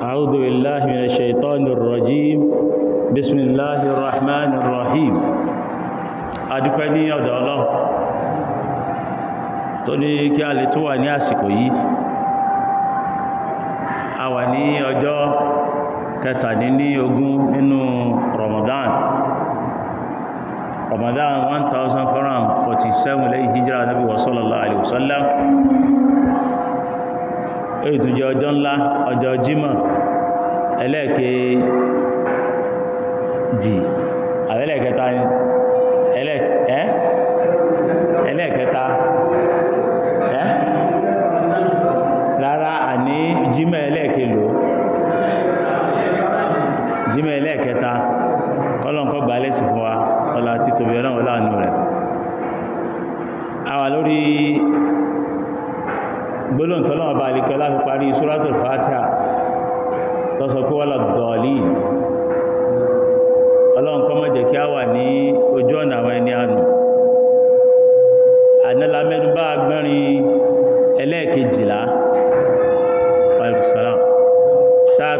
أعوذ بالله من الشيطان الرجيم بسم الله الرحمن الرحيم adúpẹ́ ní ọ̀dọ̀ ọlọ́run tó ní kí a lè tó wà ní àsìkò yìí a wà ní ọjọ́ kẹtàdínlógún nínú Ramadan Ramadan 1447 lẹ́yìn hijira nabi wa sallallahu alaihi wasallam èyí tó jẹ́ ọjọ́ ńlá ọjọ́ jímọ̀ ẹlẹ́ẹ̀kejì àbẹ́lẹ̀kẹta ni ẹlẹ́ẹ̀kẹta rárá àní jímọ̀ ẹlẹ́ẹ̀kelò jímọ̀ ẹlẹ́ẹ̀kẹta kọ́lọ̀nkọ́ gbà lẹ́sì fún wa ọlá títóbi ọlọ́run láàánú rẹ̀ a wà lórí gbólóhùn tọ́lọ́wọ́ bá alìkọ́ láti parí suratul fatiha tó sọ pé wọ́lọ̀ dọ̀ọ̀lì ọlọ́run kọ́ mọ́jẹ̀ kí a wà ní ojú ọ̀nà àwọn ẹni ànù ànẹ́lámẹ́nubá agbẹ́rin ẹlẹ́ẹ̀kejìlá pàìbùsàlá táa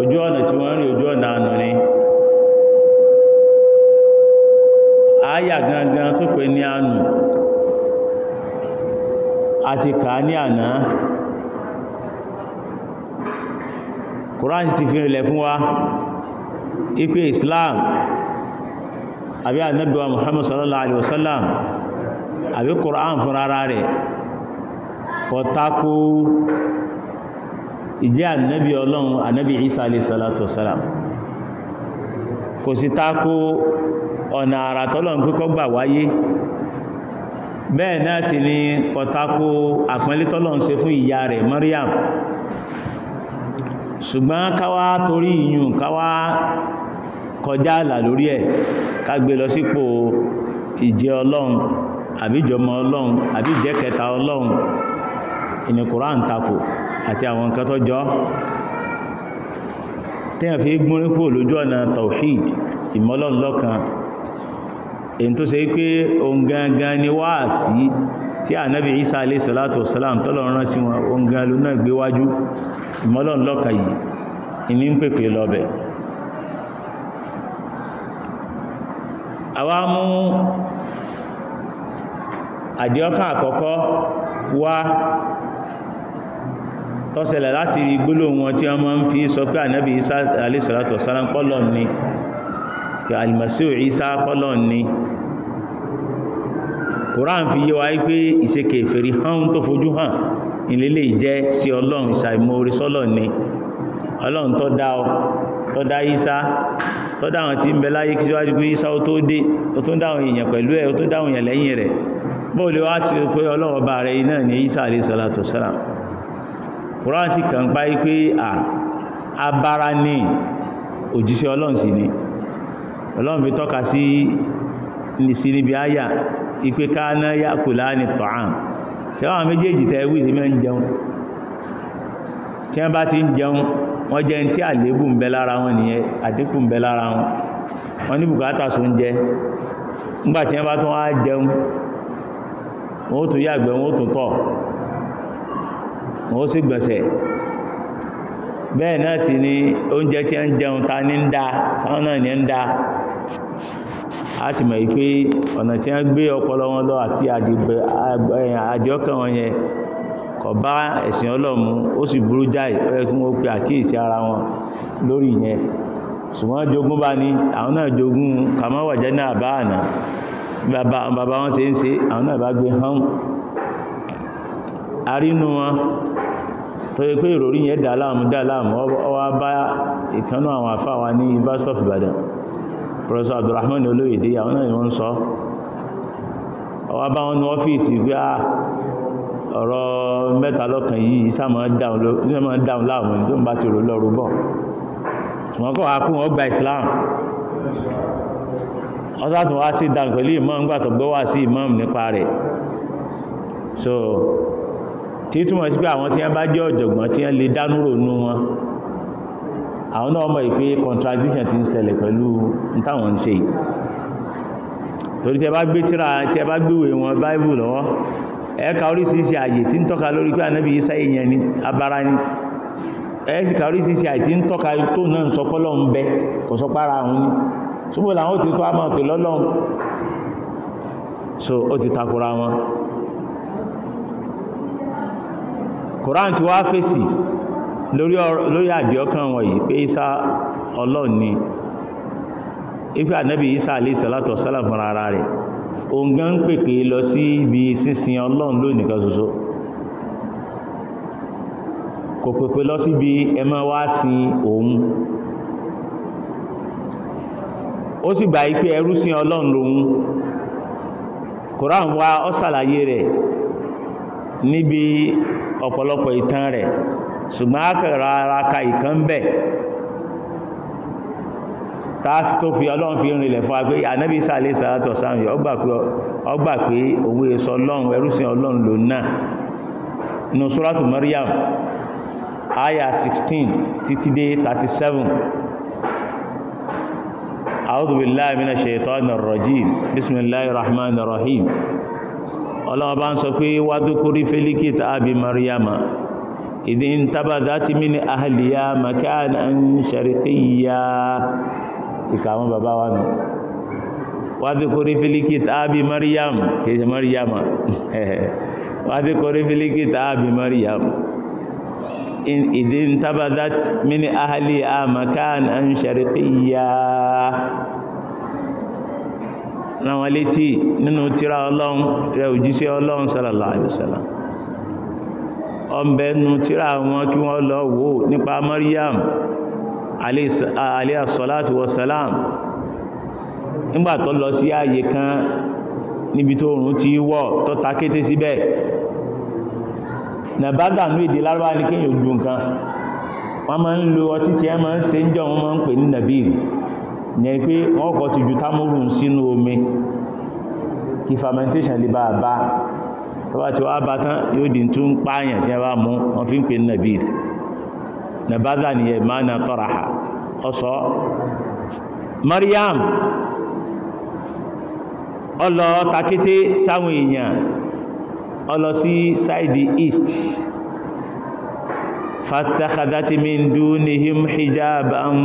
ojú ọ̀nà tí wọ́n rí ojú ọ̀nà ànà ni àyà gangan tó pè ní ànù àti kà ní àná Kùránì ti fi rìnlẹ̀ fún wa ipe Islam àbí ànábíwa Muhammad sallallahu alaihi wasallam àbí Kùránì fún rárá rẹ̀ ìjẹ́ ànábì ọlọ́run ànábì Isa alayhi salatu wassalam kò sí tako ọ̀nà àrà tọ́lọ̀n pípọ́ gbà wáyé bẹ́ẹ̀ náà sì ni kò tako àpẹẹlẹ́ tọ́lọ̀n ṣe fún ìyá rẹ̀ Maryam ṣùgbọ́n káwá torí ìyùn káwá kọjá àlà lórí ẹ̀ ká gbé lọ sípò ìjẹ́ ọlọ́run àbíjọmọ ọlọ́run àbíjẹ́ ọlọ́run ìní Kùránì tako àti àwọn nǹkan tó jọ tẹ́yàn fi gúnrí kúrò lójú ọ̀nà tawhid ìmọ́lọ́nlọ́kan èyí tó ṣe pé ohun gangan ni wá sí tí ànábì Isa alayhi salatu wasalam tọ́lọ̀rán sí wọn ohun gan ló náà gbéwájú ìmọ́lọ́nlọ́kan yìí ìní ń pèpè lọ́bẹ̀ àwa mú àdíọ́kà àkọ́kọ́ wá tọ́sẹ̀lẹ̀ láti rí gbólóhùn wọn tí wọ́n máa ń fi sọ pé ànábì Isa alayhi salatu wassalam pọ́lọ̀ ni pé al-Masihu Isa pọ́lọ̀ ni Kùránì fi yé wa pé ìṣekè fèrí hàn tó fojú hàn ìlélè jẹ́ sí ọlọ́run ìṣàìmóore sọ́lọ̀ ni ọlọ́run tó dá Isa tó dá àwọn tí ń bẹ láyé kí síwájú pé Isa tó dé ó tó dáwọn èèyàn pẹ̀lú ẹ̀ ó tó dáwọn èèyàn lẹ́yìn rẹ̀ bóòlù wá sí pé ọlọ́run ọba rẹ̀ náà ni Isa alayhi salatu wassalam Quran sì kàn pa pé à abára ní òjíṣẹ́ ọlọ́run ni ọlọ́run fi tọ́ka sí nìsí níbi áyà ipé káná yá kò láàrin tọ̀án méjèèjì tẹ́ ń jẹun tí wọ́n bá ti ń jẹun wọ́n jẹ́ tí àlébù ń bẹ lára wọn nìyẹn àdínkù ń bẹ lára wọn wọ́n ní bùkátà jẹ nígbà tí wọ́n bá tún wá jẹun wọ́n tún yàgbẹ́ wọ́n sì gbẹ̀sẹ̀ bẹ́ẹ̀ náà sì ni oúnjẹ tí ń jẹun ta ní ń da sáwọn náà ní ń da a ti mọ̀ pé ọ̀nà tí a gbé ọpọlọ wọn lọ àti àdìọ́kàn wọn yẹn kọ̀ bá ẹ̀sìn ọlọ́mù ó sì burú jáì ó yẹ kí wọ́n pe àkíyèsí ara wọn lórí yẹn ṣùgbọ́n jogún bá ní àwọn náà jogún kàmáwàjẹ́ náà bá àná bàbá wọn ṣe ń ṣe àwọn náà bá gbé hàn arínú wọn tó yẹ pé ìròrí yẹn dà láàmú dà láàmú ọwá bá ìkanú àwọn àfáwà ní University of Ibadan Professor Abdulrahman Olóyèdé àwọn náà ni wọ́n sọ ọwá bá wọn ní ọ́fíìsì gbé à ah, ọ̀rọ̀ mẹ́ta lọ́kàn yìí sáàmọ́ dáun láàmú tó ń bá ti rò lọ́rù bọ̀ ṣùgbọ́n kọ́ akún ọgbà Islam ọsátùn wá sí dáun pẹ̀lú ìmọ̀ ń gbàtọ̀gbọ́wà sí ìmọ̀ nípa rẹ̀ so tí túnmọ̀ sí pé àwọn tí wọ́n bá jẹ́ ọ̀jọ̀gbọ́n tí wọ́n lè dánú ronú wọn àwọn náà mọ̀ pé contradiction ti ń ṣẹlẹ̀ pẹ̀lú táwọn ń ṣe torí tẹ bá gbé tíra tẹ bá gbéwè wọn báìbù lọ́wọ́ ẹ̀ẹ́ka oríṣiríṣi àyè tí ń tọ́ka lórí pé ànábì Ìsá èèyàn ni abara ni ẹ̀ẹ́sìkà oríṣiríṣi àyè tí ń tọ́ka tó náà sọpọ́lọ́ ń bẹ kò sọpára àwọn ni ṣùgbọ́n làwọn ò ti tó àmọ́ pè lọ́lọ́run so ó ti takora wọn koran ti wá fèsì lórí àdí ọkàn wọn yìí pé Isa Ọlọ́run ni ipe ànábì Isa alayhi salatu wassalam fúnra ara rẹ̀ òun gan ń pèpè lọ sí ibi sísin Ọlọ́run lónìkan ṣoṣo kò pèpè lọ ibi ẹmọ́ wá sin òun ó sì gbà ipé ẹrú sí ọlọ́run lòun Koran wa ó ṣàlàyé rẹ̀ níbi ọ̀pọ̀lọpọ̀ ìtàn rẹ̀ ṣùgbọ́n ákẹ̀rọ ara ka ìkan bẹ̀ tààfi tó fi ọlọ́run fi rìnlẹ̀ fún agbé ànábì Ìsá alayhi salatu wassalam ọgbà pé òwe sọ ọlọ́run ẹrúsìn ọlọ́run lò náà nù suratu Maryam aya 16 títí dé 37 a'udhu billahi minash shaitanir rajim bismillahir rahmanir rahim ọlọ́wọ́ bá ń sọ pé wádúkúrí félíkìt àbí maryama ìdí ń tábàdá ti mí ní ahàlìyà makáàna ń ṣàríkìyà ìkàwọn bàbá wa nù wádúkúrí félíkìt àbí maryam kèsè maryama wádúkúrí félíkìt àbí maryam ìdí ń tábàdá ti mí ní ahàlìyà makáàna ń ṣàríkìyà rán wọn létí nínú tírà ọlọ́run rẹ òjíṣẹ́ ọlọ́run sallallahu alaihi wasallam ọmọbẹ̀ẹ́nu tírà wọn kí wọ́n lọ wò nípa Maryam alayha salatu wassalam nígbà tó lọ sí ààyè kan níbi tó oòrùn ti wọ̀ tó ta kété síbẹ̀ nàbádà ní èdè lárúbá ní kéèyàn gbùn kan wọ́n máa ń lo ọtí tí ẹ máa ń ṣe ń jọ wọ́n máa ń pè ní nàbíìrì ní ẹni pé wọ́n kọ́ ti ju támúrù sínú omi kí fermentation lè bá a bá tọ́bá tí wá bá tán yóò di tún pààyàn tí a bá mú wọ́n fi ń pè nàbí nàbádà ni ẹ̀ máa na tọ́raha ọsọ́ Maryam ọlọ takété sáwọn èèyàn ọlọ sí sáìdì east fatakadati min dunihim hijaban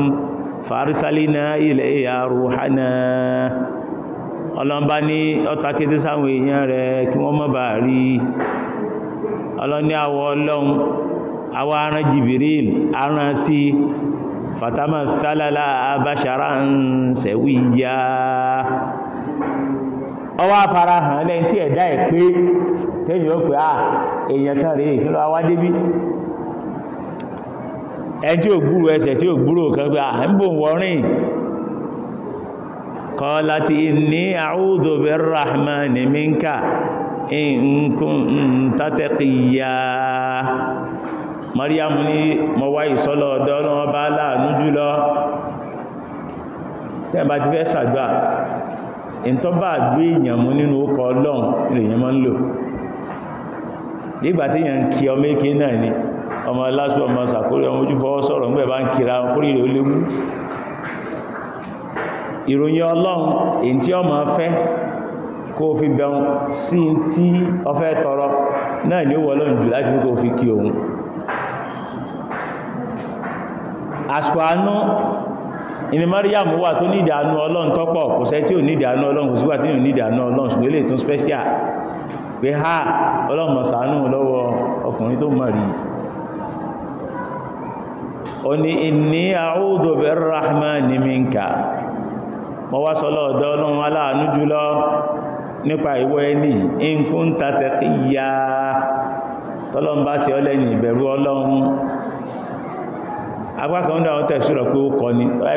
fàárísálínà ilẹ̀ ìyàrò hànà ọlọ́mbá ní ọta kété sáwọn èèyàn rẹ̀ kí wọ́n mọ́ bà rí ọlọ́ní àwọ ọlọ́run àwọ aràn jìbìrín aràn sí fatama thalala abashara ń sẹ̀wí ya ọwọ́ afárahàn lẹ́yìn tí ẹ̀dá ẹ̀ pé tẹ́yìn ó pé à èèyàn kan rèé kí débí Eji tí ò gbúrò ẹsẹ̀ tí ò gbúrò kan pé àbò wọ́rìn kọlati inni a'udhu birrahmani minka in kunta taqiyya Maryam ní mọ́wá ìsọ́lọ̀ ọ̀dọ́ ọlọ́wọ́ bá láàánú jùlọ ti fẹ́ sàgbà ìntọ́ gbé èèyàn nínú ọlọ́run ọmọ lásù ọmọ sàkórí ọmọ ojú fọwọ́ sọ̀rọ̀ ń gbẹ̀bá ń kira kórí rẹ̀ ó léwú ìròyìn ọlọ́run èyí tí ọmọ fẹ́ kó fi bẹun sí tí ọfẹ́ tọrọ náà ni ó wọ́ lọ́njù láti mú kó fi kí òun àsìkò àánú ìní Maryam wà tó nídìí àánú ọlọ́run tọ́pọ̀ kò sẹ́ tí ò nídìí àánú ọlọ́run kò sígbà tí ò nídìí àánú ọlọ́run ṣùgbọ́n lè tún special pé ha ọlọ́run mọ̀sánú lọ́wọ́ ọkùnrin tó mọ̀ rí ó ní inni a'udhu birrahmani minka mọ́ wá sọ́lọ́ ọ̀dọ́ ọlọ́run aláàánú jùlọ nípa ìwọ ẹni in kunta taqiyya tọ́lọ́run bá ṣe ọlẹ́yìn ìbẹ̀rù ọlọ́run agbákan dáwọn tẹ̀sùrọ̀ pé ó kọ ni tọ́lá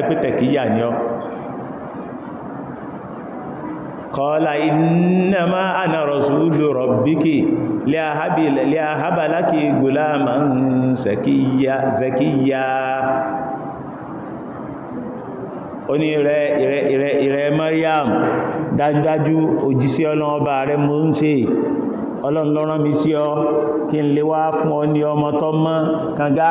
kọ́ọ́lá innama ana rasulu rabbiki liahaba laki gulaman zakiyya ó ní rẹ̀ ìrẹ̀ ìrẹ̀ ìrẹ̀ Maryam dájúdájú òjíṣẹ́ ọlọ́run ọba rẹ̀ mú ń ṣe ọlọ́run ló mi sí ọ kí n lè wá fún ọ ní ọmọ tó mọ́ kanga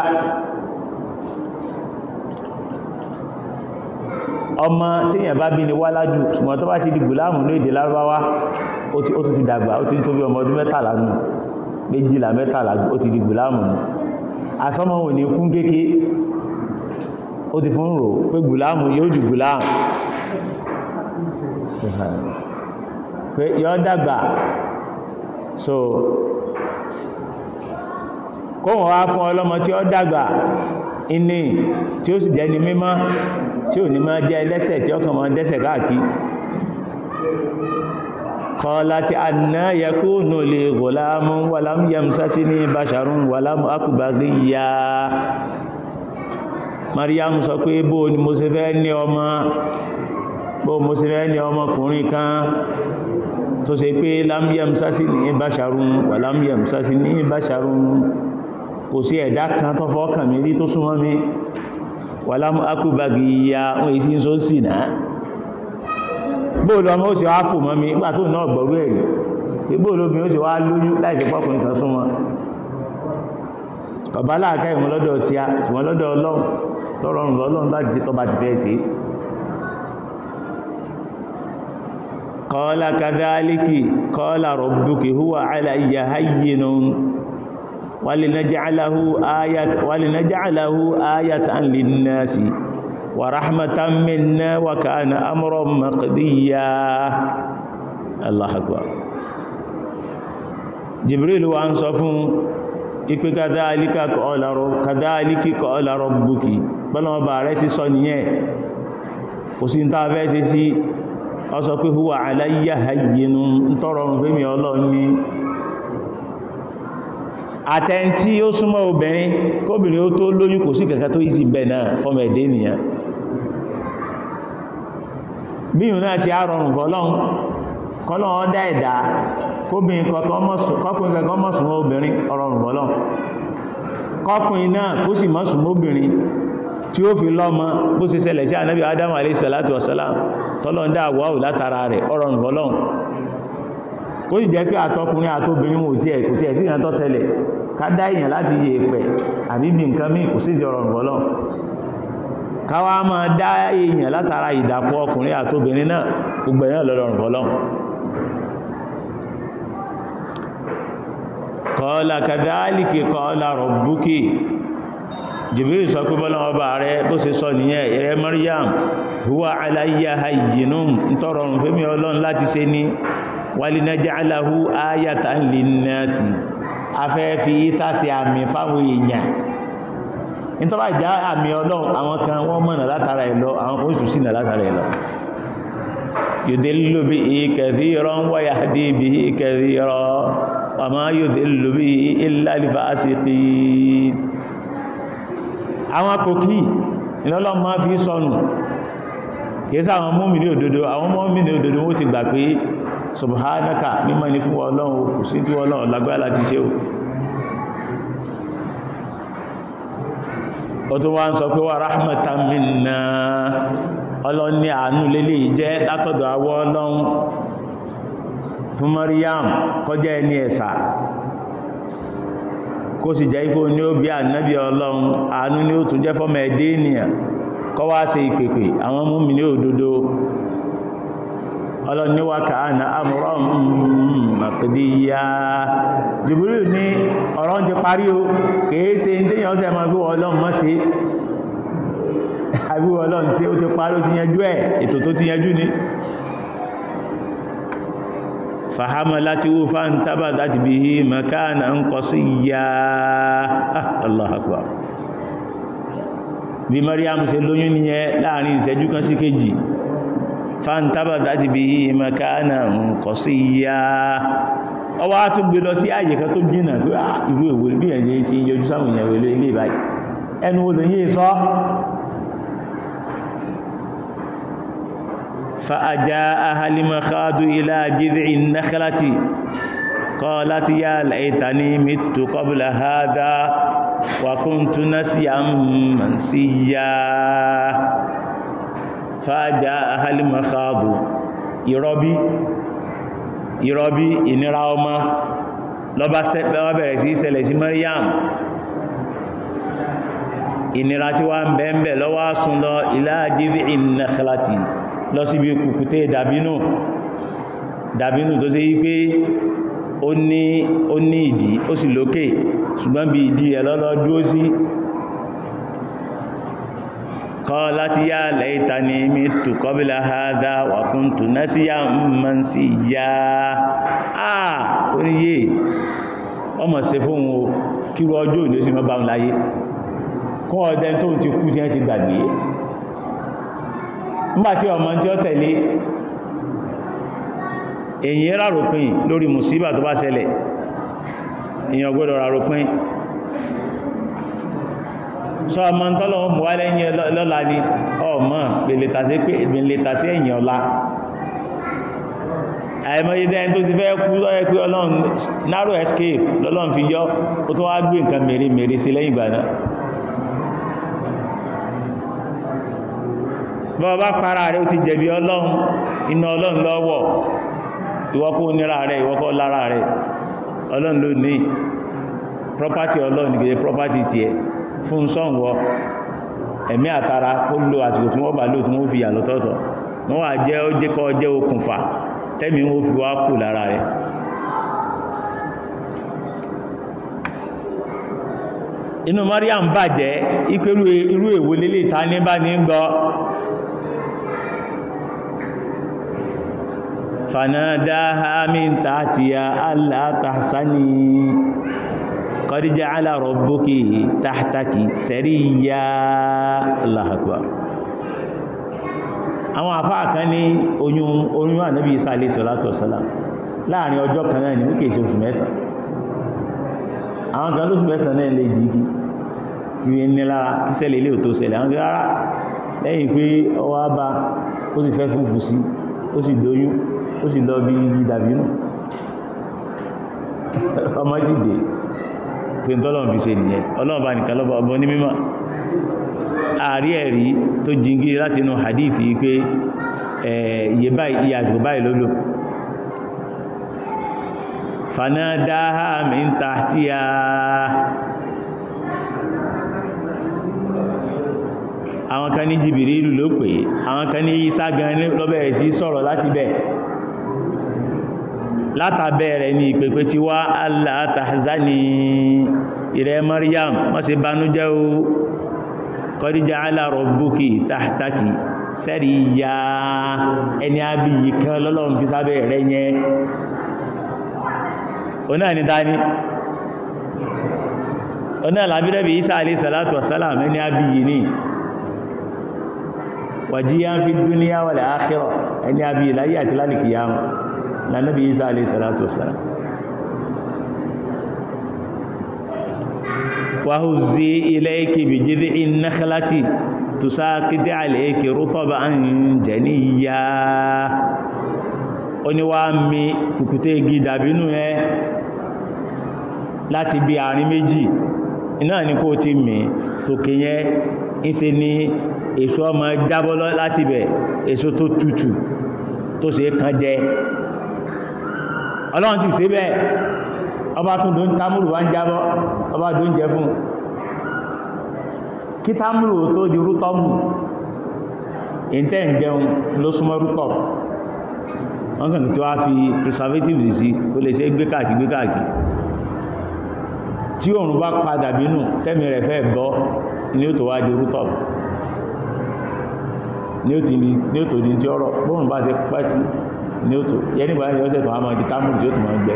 ọmọ téèyàn bá bí ni wá lájú ṣùgbọ́n tó bá ti di gùláàmù ní èdè lárúbáwá ó tún ti dàgbà ó ti ń tóbi ọmọ ọdún mẹ́tàlá nù méjìlá mẹ́tàlá ó ti di gùláàmù nù àsọmọ ò ní kún kéke ó ti fún rò pé gùláàmù yóò jù gùláàmù pé yọ́ dàgbà so kóhùn wá fún ọlọ́mọ tí ó dàgbà inú tí ó sì jẹ́ ni mímọ́ tí ò ní máa jẹ́ ẹlẹ́sẹ̀ tí ọkàn máa dẹ́sẹ̀ káàkí kọ́lá ti àná yakúnù lè gọ̀lámú wàlám yamsásí ní bàṣàrún wàlám akùbàrí ya Maryam sọ pé bó ni mo ṣe fẹ́ ní ọmọ bó mo ṣe fẹ́ ní ọmọkùnrin kan tó ṣe pé lám yamsásí ní bàṣàrún wàlám yamsásí ní bàṣàrún kò sí ẹ̀dá kan tó fọ́kàn mi rí tó súnmọ́ mi wàlámù akúbàgì ya wọ́n èsì ń só sì náà bóòlù ọmọ ó sì wá fò mọ́ mi nígbà tó náà gbọ́rú ẹ̀rí ìbóòlù obìnrin ó sì wá lóyún láìsí pọ́kùnrin kan súnmọ́ ọba láàká ìmú lọ́dọ̀ tí a ṣùgbọ́n lọ́dọ̀ ọlọ́run tọrọrùn lọ́lọ́run láti ṣe tọ́ba ti fẹ́ ṣe kọ́ọ́lá kadhaliki kọ́ọ́lá rabbuki huwa aláyà hayyinun walinaja'alahu ayatan linnasi wa rahmatan minna wa kana amran maqdiya Allahu akbar Jibril wa ń sọ fún ipe kadhalika qala rabbuki bọ́lọ́mọba rẹ̀ sí sọ nìyẹn kò sí ń tàà fẹ́ sí sí ọ sọ pé huwa alayya hayyinun tọ́rọrùn fẹ́mi ọlọ́ni àtẹn tí ó súnmọ́ obìnrin kóbìnrin ó tó lóyún kò sí tó ìsì bẹ̀ náà fọ́mọ ẹ̀dẹ́ ènìyàn bí náà ṣe àrọrùn fọ́lọ́n kọ́lọ́n ọ́dá ẹ̀dá kóbìnrin kọkùnrin kẹ̀kọ́ ọmọ obìnrin tí ó fi lọ́mọ bó salatu àwọ̀ látara rẹ̀ ó sì jẹ́ pé àtọkùnrin àtobìnrin wọn ò tiẹ̀ kò tiẹ̀ sí ka ṣẹlẹ̀ ká dá èèyàn láti yè pẹ̀ àbí bí nǹkan míì kò sí ìjọrọ̀ ọ̀rọ̀ ká wá máa dá èèyàn látara ìdàpọ̀ ọkùnrin àtobìnrin náà gbogbo ẹ̀yàn lọ́rọ̀rùn fọlọ́run kọ́ọ̀lá kàdáàlìkì kọ́ọ̀lá rọ̀bùkì jìbìrì sọ pé bọ́lá ọba rẹ bó ṣe sọ nìyẹn ẹ̀rẹ́ Maryam huwa ha hayyinum ń tọrọrùn fẹ́mi ọlọ́run láti ṣe ní walinaj'alahu ayatan linnasi afẹ́ fi Ìsá ṣe àmì fáwọn èèyàn ní tọ́bá ìjá àmì ọlọ́run àwọn kan wọ́n mọ̀nà látara ẹ̀ lọ àwọn kan oṣù sínà látara ẹ̀ lọ yudillu bihi kathiran wa yahdi bihi kathiran máa fi sọnù subhanaka mímọ́ ní fún ọlọ́run kò sí tí ọlọ́run lágbára láti ṣe o ó tó wá ń sọ pé wà rahmatan minna ọlọ́run ní àánú lélẹ̀ jẹ́ látọ̀dọ̀ àwọ́ ọlọ́run fún Maryam kọjá ẹni ẹ̀sà kó sì jẹ́ ipò ní ó bí ànábì ọlọ́run àánú ní ó tún jẹ́ fọ́mọ ènìyàn kọ́ wá ìpèpè àwọn múmi ní òdodo ọlọ́niwákà àná àmúrọ̀ mọ̀kìdíyà jùbúrú ní ọ̀rọ̀ ń ti parí o kìí ṣe ń tẹ́yàn ọ́sẹ̀ máa gbówọ́ ọlọ́run mọ́ sí àbí ọlọ́run sí ó ti parí ó ti yanjú ẹ̀ ètò tó ti yanjú ni fàhámọ́ láti wó fáwọn láti bí i mọ̀kánà ń kọ sí ah, ìyá Allah akbar bí Maryam lóyún nìyẹn láàrin ìṣẹ́jú kan sí kejì fàntàbà dáti bí i makana nǹkan sí ya ọwọ́ á tún gbé lọ sí ààyè kan tó jìnà pé ìlú ah, èwe bí ẹ̀yẹ ṣe ń yọjú sáwọn èèyàn wẹ̀lú ilé ìbáyìí ẹnu olè yìí sọ fa ajá ahalimakadu ilá jíri ìnákálátì kọ́ láti yá àlàyé ní mítò kọbùlà hádá wà kún sí àmì fàájá ahálìmọ̀ káàbù ìrọbí ìrọbí ìnira ọmọ lọ́bá bẹ̀rẹ̀ sí ìṣẹ̀lẹ̀ sí Maryam ìnira tí wá ń bẹ̀ẹ̀bẹ̀ lọ́wọ́ sún lọ ìlàájírí ìnàkàlátì lọ síbi kùkùté dàbínú dàbínú tó ṣe wípé ó ní ìdí ó sì lókè ṣùgbọ́n bí ìdí ẹ̀ sí qalat ya laytani mittu qabla hadha wa kuntu nasiyan mansiyya àà oníyè ọmọ sí fún o kíru ọjọ́ òní ó sì mọ́ bá ń láyé kún ọdẹ tó ti kú tí wọ́n ti gbàgbé nígbàtí ọmọ tí ó tẹ̀lé èyí ráròpin lórí mùsíbà tó bá ṣẹlẹ̀ èyàn gbọ́dọ̀ ráròpin sọ ọmọ tọ́lọ̀ mú wá lẹ́yìn lọ́la ni ọmọ pèlétàsí pé ìbìnlétàsí ẹ̀yìn ọ̀la àìmọye dẹ́yìn tó ti fẹ́ kú lọ́yẹ́ pé ọlọ́run narrow escape lọ́lọ́run fi yọ́ ó tó wá gbé nǹkan mèrè mèrè sí lẹ́yìn ìgbà náà bọ́ bá para rẹ̀ ó ti jẹ̀bi ọlọ́run iná ọlọ́run lọ́wọ́ ìwọ́kó nira rẹ̀ ìwọ́kó lára rẹ̀ ọlọ́run ló ní property ọlọ́run kìí property tiẹ̀ fún sọ́ǹgọ́ ẹ̀mí àtara ó lo àsìkò tí wọ́n bá lò tí wọ́n fi yà lọ́tọ̀ọ̀tọ̀ wọ́n wà jẹ́ ó jẹ́ kọ́ jẹ́ okùnfà tẹ́mi ó fi wá kù lára rẹ̀ inú ìpérú irú èwo laqad ja'ala rabbuki tahtaki sariyya Allahu akbar àwọn àfáà kan ní oyún oyún ànábì Isa alayhi salatu wassalam láàrin ọjọ́ kan náà ní wíkè tí oṣù mẹ́sàn àwọn kan lóṣù mẹ́sàn náà lè dìígi tí wé ní lára kí ṣẹlẹ̀ ilé òtó ṣẹlẹ̀ àwọn rárá lẹ́yìn pé ọwọ́ bá ó sì fẹ́ fúfú sí ó sì lóyún ó sì lọ bí igi dàbínú ọmọ sì dé pé tọ́lọ́n fi ṣe nìyẹn ọlọ́run bá nìkan lọ́bọ̀ ọgbọ́n ní mímọ̀ ààrí ẹ̀rí tó jíngí láti inú hadithi pé iye báyìí iye àsìkò báyìí ló lò fanadaha min tahtiha látàbẹ̀ẹ̀rẹ̀ ni ìpèpè ti wá Allah tahzani ìrẹ́ Maryam má ṣe banújẹ́ o qad ja'ala rabbuki tahtaki sariyya ẹni abìyí kan lọ́lọ́run fi sábẹ́ rẹ̀ yẹn oná ní dání oná làbírẹ́bì Isa alayhi salatu wasalam ẹni abìyí ni wàjíyá fi dunya wal akhirah ẹni abìyí láyé àti lálìkìyàmù lànàbí isa alayhi salatu wasalam wàhùzí ilayki bi jid'i nakhlati tusaqiti alayki rutban janiyya oníwá mi kùkùté igi dàbínú ẹ láti bí àárín méjì iná ní kó ti mì tòkè yẹn ìse ni èso ọmọ jábọ́ láti bẹ̀ èso tó tutù tó ṣe kan jẹ ọlọ́run sì ṣe bẹ́ẹ̀ ọba tún dó ń támúrù wá ń jábọ́ ọba dó ń jẹ fún kí támúrù tó di rútọ́mù ìntẹ́ ń jẹun ló súnmọ́ rútọ́ wọ́n kàn tí wá fi preservatives sí kó lè ṣe gbé káàkiri gbé káàkiri tí òòrùn bá padà bínú tẹ́mi rẹ̀ fẹ́ bọ́ ni ó tó wá di rútọ́ ni ó tó di tí ọ̀rọ̀ bóòrùn bá ti pẹ́ sí ní ó tó yẹni bá yọ́ sẹ̀tọ̀ àmà di támù tí ó tó máa gbẹ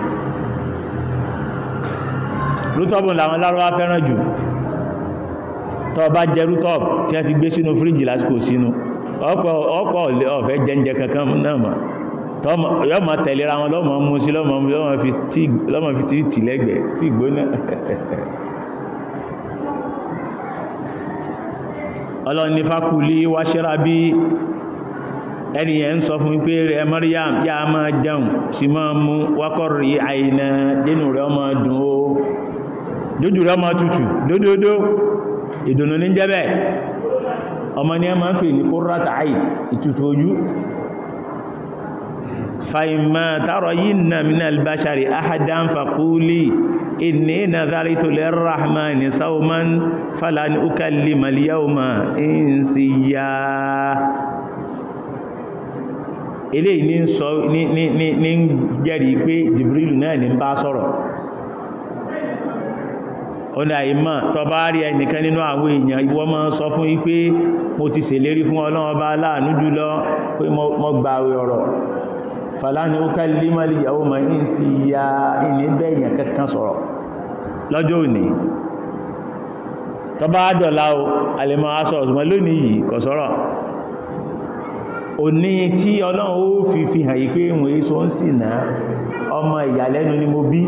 rútọ́bù làwọn lárọ́wá fẹ́ràn jù tọ́ bá jẹ rútọ́b tí a ti gbé sínú fíríjì lásìkò sínú ọ̀pọ̀ ọ̀fẹ́ jẹ́ǹjẹ kankan náà mà yọ́ ma tẹ̀lera wọn lọ́mọ mú sí lọ́mọ fi tí tì lẹ́gbẹ̀ẹ́ tí gbóná ọlọ́ni fákulí wáṣẹ́ra bí ẹniyẹ ń sọ fún wípé rẹ Maryam yá máa jẹun sí máa mú wákọ̀rí àìnà dínú rẹ ọmọ dùn ó dójú rẹ ọmọ tutù dódódó ìdùnnú ní jẹ́bẹ̀ ọmọ ní ẹmọ pè ní kórata àì ìtutù ojú fàìmà tààrọ yìí nà mínà albáṣàrí ahadan fàkúlì inni nadharitu lirrahmani sawman falan ukallima al-yawma insiya eléyìí ní sọ ní jẹ́rìí pé jìbìrìlù náà ní bá sọ̀rọ̀ ọ̀nà ìmọ̀ tó bá rí ẹnìkan nínú àwọn èèyàn ìwọ mọ́ sọ fún wípé mo ti ṣèlérí fún Ọlọ́run aláàánú jùlọ pé mo gba ọ̀rọ̀ fàlání ó kálí mọ́lì ìyàwó mọ́ ní sí ya ilé bẹ́ẹ̀yàn kankan sọ̀rọ̀ lọ́jọ́ òní tó bá dọ̀la o alẹ́mọ́ aṣọ òní tí ọlọ́run ó fi fi hàn yí pé ìwọ̀n èyí tó ń sì náà ọmọ ìyàlẹ́nu ni mo bí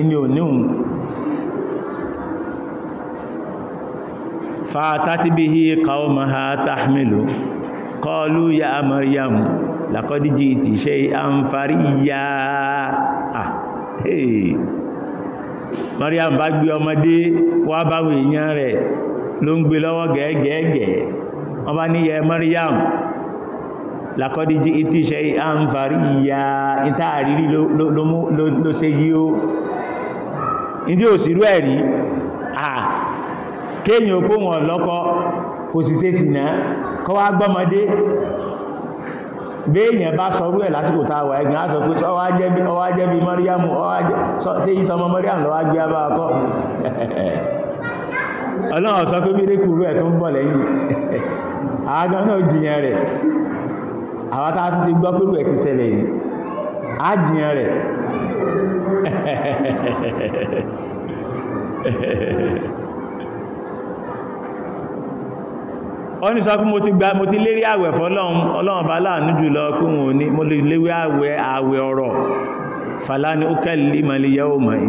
inú òníhùn fàtàtìbíhí kàọ́mà ha tàhmìlú kọlu ya Maryam lakọ́díjì ti ṣe àǹfàrí ya à Maryam bá gbé ọmọdé wá báwọn èèyàn rẹ̀ ló ń gbé lọ́wọ́ gẹ́gẹ́gẹ́ wọ́n bá níyẹ Maryam lakọ́díjí ìtí ṣe àǹfàrí ìyà ìtààrírí ló ṣe yí ó ìdí ò sí rú ẹ̀rí à kéyìn ó kóhùn ọ̀lọ́kọ́ kò sì ṣe sìnà kọ́ wá gbọ́mọdé béèyàn bá sọ rú ẹ̀ lásìkò táwà ẹ̀gbìn á sọ pé ọwá jẹ́ bí mọ́ríyàmù ṣe yí sọmọ mọ́ríyàmù lọ́wá gbé abá akọ́ ọlọ́run sọ pé mérékù rú ẹ̀ tó ń bọ̀ lẹ́yìn àágan náà jiyàn rẹ̀ àwọn tá a ti gbọ́ pẹ̀lú ẹ̀ ti yìí á jiyàn rẹ̀ wọ́n sọ pé mo ti lérí àwẹ̀ fọ́lọ́run ọlọ́run bá láàánú jùlọ pé wọn ní mo lè léwé àwẹ̀ àwẹ̀ ọ̀rọ̀ fàlá ó kẹ́lì ma lè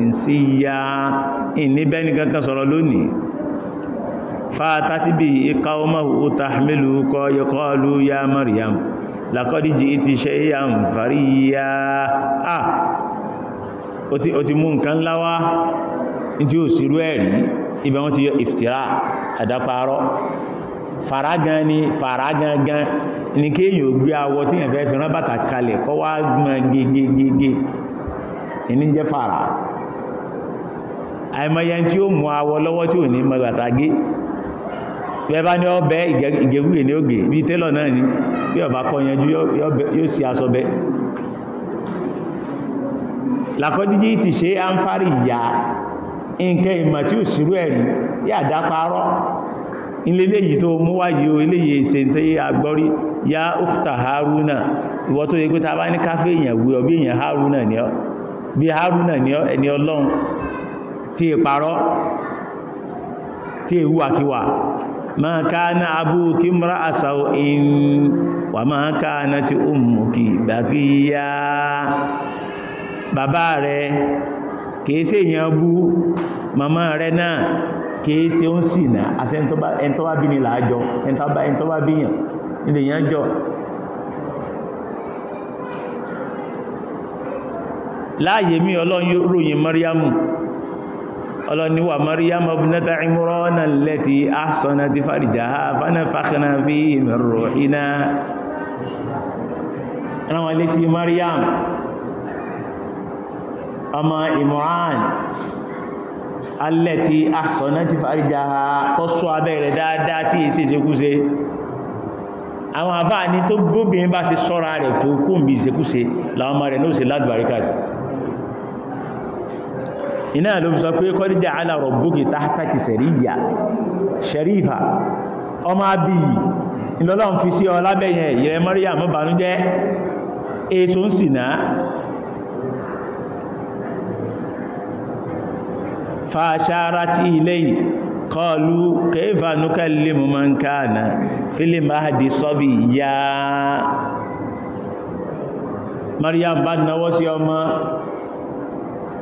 ń sí ya ìníbẹ́ kankan sọ̀rọ̀ lónìí fàátátí bí ikọ́ mọ́ làkọ́díjì ti ṣe yà ń fàrí yá à ó ti mú nǹkan láwá tí ó sírú ẹ̀rí ibẹ̀ wọ́n ti yọ ìfìtìrá àdáparọ́ faragan ni faragangan ni kéèyàn ò gbé awọ tí ẹ̀fẹ́ fi rán bàtà kalẹ̀ kọ́ wá gbọ́n gegegege ìní jẹ́ fara àìmọye tí ó mú awọ lọ́wọ́ tí ò ní mọ bàtà gé bẹ́ẹ̀bá ní ọbẹ̀ ìgẹ̀gúgẹ̀ ní ògè bí tẹ́lọ̀ náà ni bí ọba kọ yanjú yóò sí aṣọ bẹ́ làkọ́díjí ti ṣe à ń fárí ìyá nǹkan ìmọ̀ tí ò sírú ẹ̀rí yà dáparọ́ ilé léyìí tó mú wáyé o eléyìí èsè tó yé agbọ́rí yá òkúta haruna ìwọ tó yẹ pé ta bá ní káfé èèyàn wí ọ bí èèyàn haruna ni ọ bí haruna ni ọ ẹni ọlọ́run tí è parọ́ tí è ma kana abuki imra'a saw'in wa ma kanat ummuki baghiya bàbá rẹ̀ kìí ṣe èèyàn bú màmá rẹ̀ náà kìí ṣe ó ń sì náà àṣẹ ẹntọ́wà bí ní làájọ ẹntọ́wà bí yàn ilẹ̀ èèyàn jọ láàyè mí ọlọ́run ròyìn Maryamu ọlọ́niwà maryam ibnata imran allati ahsanat farjaha fanafakhna fihi min ruhina rán wọn létí maryam ọmọ imran allati ahsanat farjaha tó sọ abẹ́rẹ̀ dáadáa tí ìṣẹ́ṣekúṣe àwọn àfáà ni tó gbóbin bá ṣe sọ́ra rẹ̀ tó kúmbì ìṣẹ́kúṣe làwọn ọmọ rẹ̀ náà ṣe ládùbáríkàsì iná ló fi sọ pé kọ́díjà alàrọ̀ bókè táhátàkì sẹ̀ríyà sẹ̀rífà ọmọ abìyì ìlọ́lọ́n fi sí ọlábẹ̀yẹn ìrẹ́ mọ́ríyà mọ́ bànújẹ́ èso ń sì náà fàṣárátí ilé kọlu kẹfà mọ́ máa fílìm ahadi sọ́bì yá mọ́ríyà bá náwọ́ sí ọmọ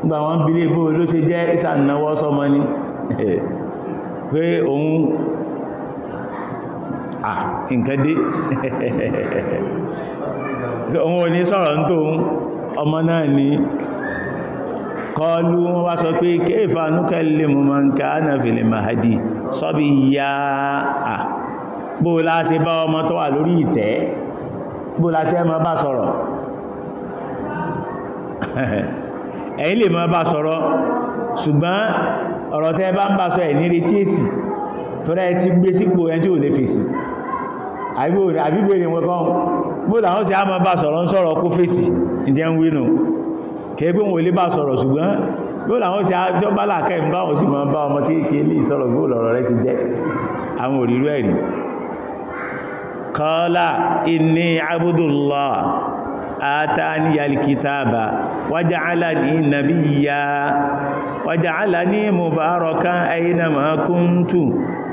nígbà wọn ń bilé bó ló ṣe jẹ́ ìsànnáwọ́ sọmọ ni pé òun à nǹkan dé òun ò ní sọ̀rọ̀ ń tóun ọmọ náà ni kọlu wọn wá sọ pé kéfà núkẹ́ lè mú ma ń ká náà fi lè máa dì sọ́bí ya à bó láṣe bá ọmọ tó wà lórí ìtẹ́ bó láṣe ẹmọ bá sọ̀rọ̀ ẹ̀yin lè máa bá sọ̀rọ̀ ṣùgbọ́n ọ̀rọ̀ tẹ́ bá ń bá sọ ẹ̀ní retí èsì tọ́rẹ ti gbé sípò ẹni tí ò lè fèsì àbíbò ìrìn wọn kan bó làwọn sì á máa bá sọ̀rọ̀ ń sọ̀rọ̀ kó fèsì ìdí ẹn wínú kẹgbẹ́ wọn lè bá آتاني الكتاب وجعلني نبيا وجعلني مباركا أينما كنت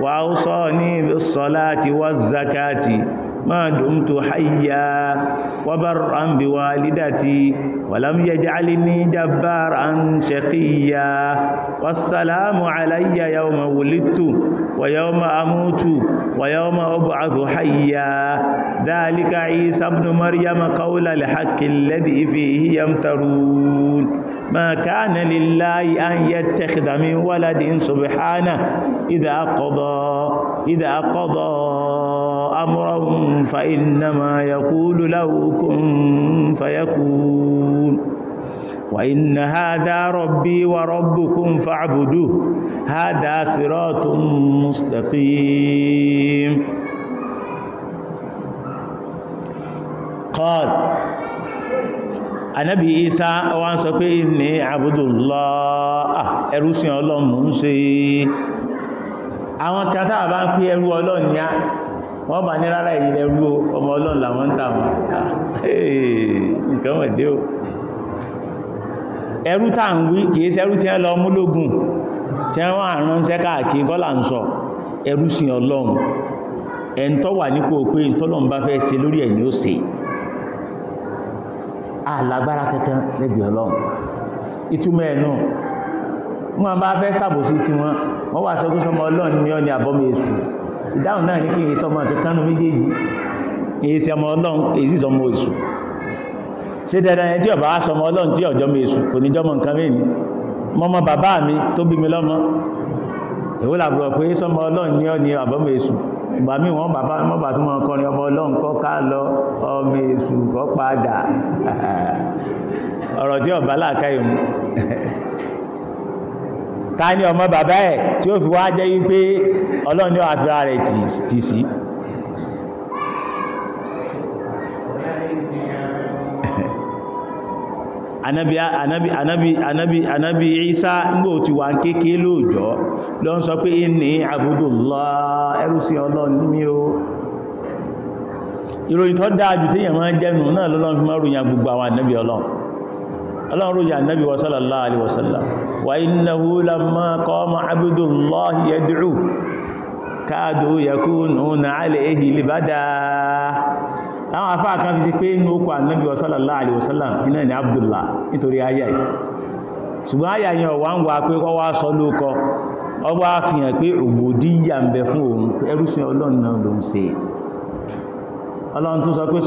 وأوصاني بالصلاة والزكاة ما دمت حيا وبرا بوالدتي ولم يجعلني جبارا شقيا والسلام علي يوم ولدت ويوم أموت ويوم أبعث حيا ذلك عيسى ابن مريم قول الحق الذي فيه يمترون ما كان لله أن يتخذ من ولد سبحانه إذا قضى إذا قضى أمرا فإنما يقول له كن فيكون وإن هذا ربي وربكم فاعبدوه هذا صراط مستقيم قال anábi isa wá ń sọ pé ní abudullah ah, ẹrúsìn ọlọ́mù ń ṣe àwọn kátà bá ń pí ẹrú ọlọ́run ní wọ́n bá ní rárá ìlẹ̀ ẹrú ọmọ ọlọ́run làwọn ń tà wọ́n ah, nǹkan wọ̀n dé o ẹrú tà ń wí kìí ṣẹrú tí ẹ̀ntọ́ wà nípò pé ìtọ́lọ́run fẹ́ ṣe lórí ẹ̀ ni ó ṣe àlágbára kankan lẹ́bi ọlọ́run ìtumọ̀ ẹ̀nu wọn bá fẹ́ ṣàbòsí tí wọn wọ́n wà sọ pé sọmọ ọlọ́run ni ọ ni àbọ́mọ èṣù ìdáhùn náà ní kí n sọmọ kankan nu méjèèjì èyí sí ọmọ ọlọ́run èyí sí sọmọ èṣù ṣé dandan ẹni tí ọba wá sọmọ ọlọ́run tí ọjọ́ mi èṣù kò ní jọmọ nǹkan mẹ́ni mọ́mọ́ bàbá mi tó bí mi lọ́mọ èwo làbúrò pé sọmọ ọlọ́run ni ọ ni àbọ́mọ èṣù ìgbà míì wọ́n bàbá mọ́bà tó wọ́n kọrin ọmọ ọlọ́run kọ́ ká lọ ọmọ èṣù kọ́ padà ọ̀rọ̀ tí ọ̀bá làkà ìmú ta ni ọmọ bàbá ẹ̀ tí ó fi wá jẹ́ wípé ọlọ́run ni ó rẹ̀ tì sí anabi anabi anabi anabi anabi isa ngbò ti wà ń kéèké lóòjọ́ lọ ń sọ pé inni abudullah ẹrùsí ọlọ́run ní o ìròyìn tó dáájú tí yẹ̀mọ́ jẹ́nu náà lọ́lọ́run fi máa ròyìn gbogbo àwọn anabi ọlọ́run ọlọ́run ròyìn anabi sallallahu alaihi wasallam wa innahu lamma qama abudullah yad'u kaadu yakununa alayhi libada láwọn afá kan fi sí pé inú okò ànábì sallallahu alaihi wasallam iná ní abdullah nítorí ayà yìí ṣùgbọ́n ayà yẹn ọ̀wá ń wà pé kọ́ wá sọ lóòkọ́ ọwọ́ àfihàn pé ògbòdíyà ń bẹ fún òun ẹrúsìn ọlọ́run náà ló ń ṣe ọlọ́run tó sọ pé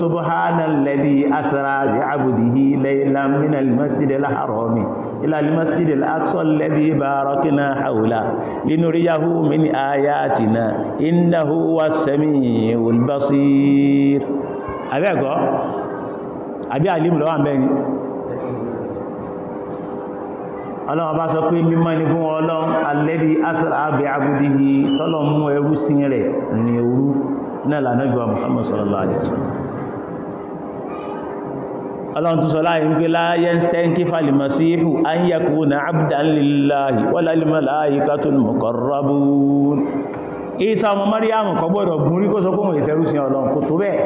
àbí ẹ̀kọ́ àbí àlímù lọ́wà mẹ́ni ọlọ́wọ́ bá sọ pé mímọ́ ni fún ọlọ́run alẹ́dí asàbẹ̀ agbódìí tọ́lọ̀ mú ẹrú sí rẹ̀ rìn òru náà lànàbíwà Muhammad sallallahu alaihi wasallam ọlọ́run tún sọ láàrin pé láyé stẹ́ǹkì fàlìmọ̀síhù an yakuna abdan lillahi wala lil malaikatul gúnrí kó sọ pé òun ìṣẹ́rú sí ọlọ́run tó bẹ́ẹ̀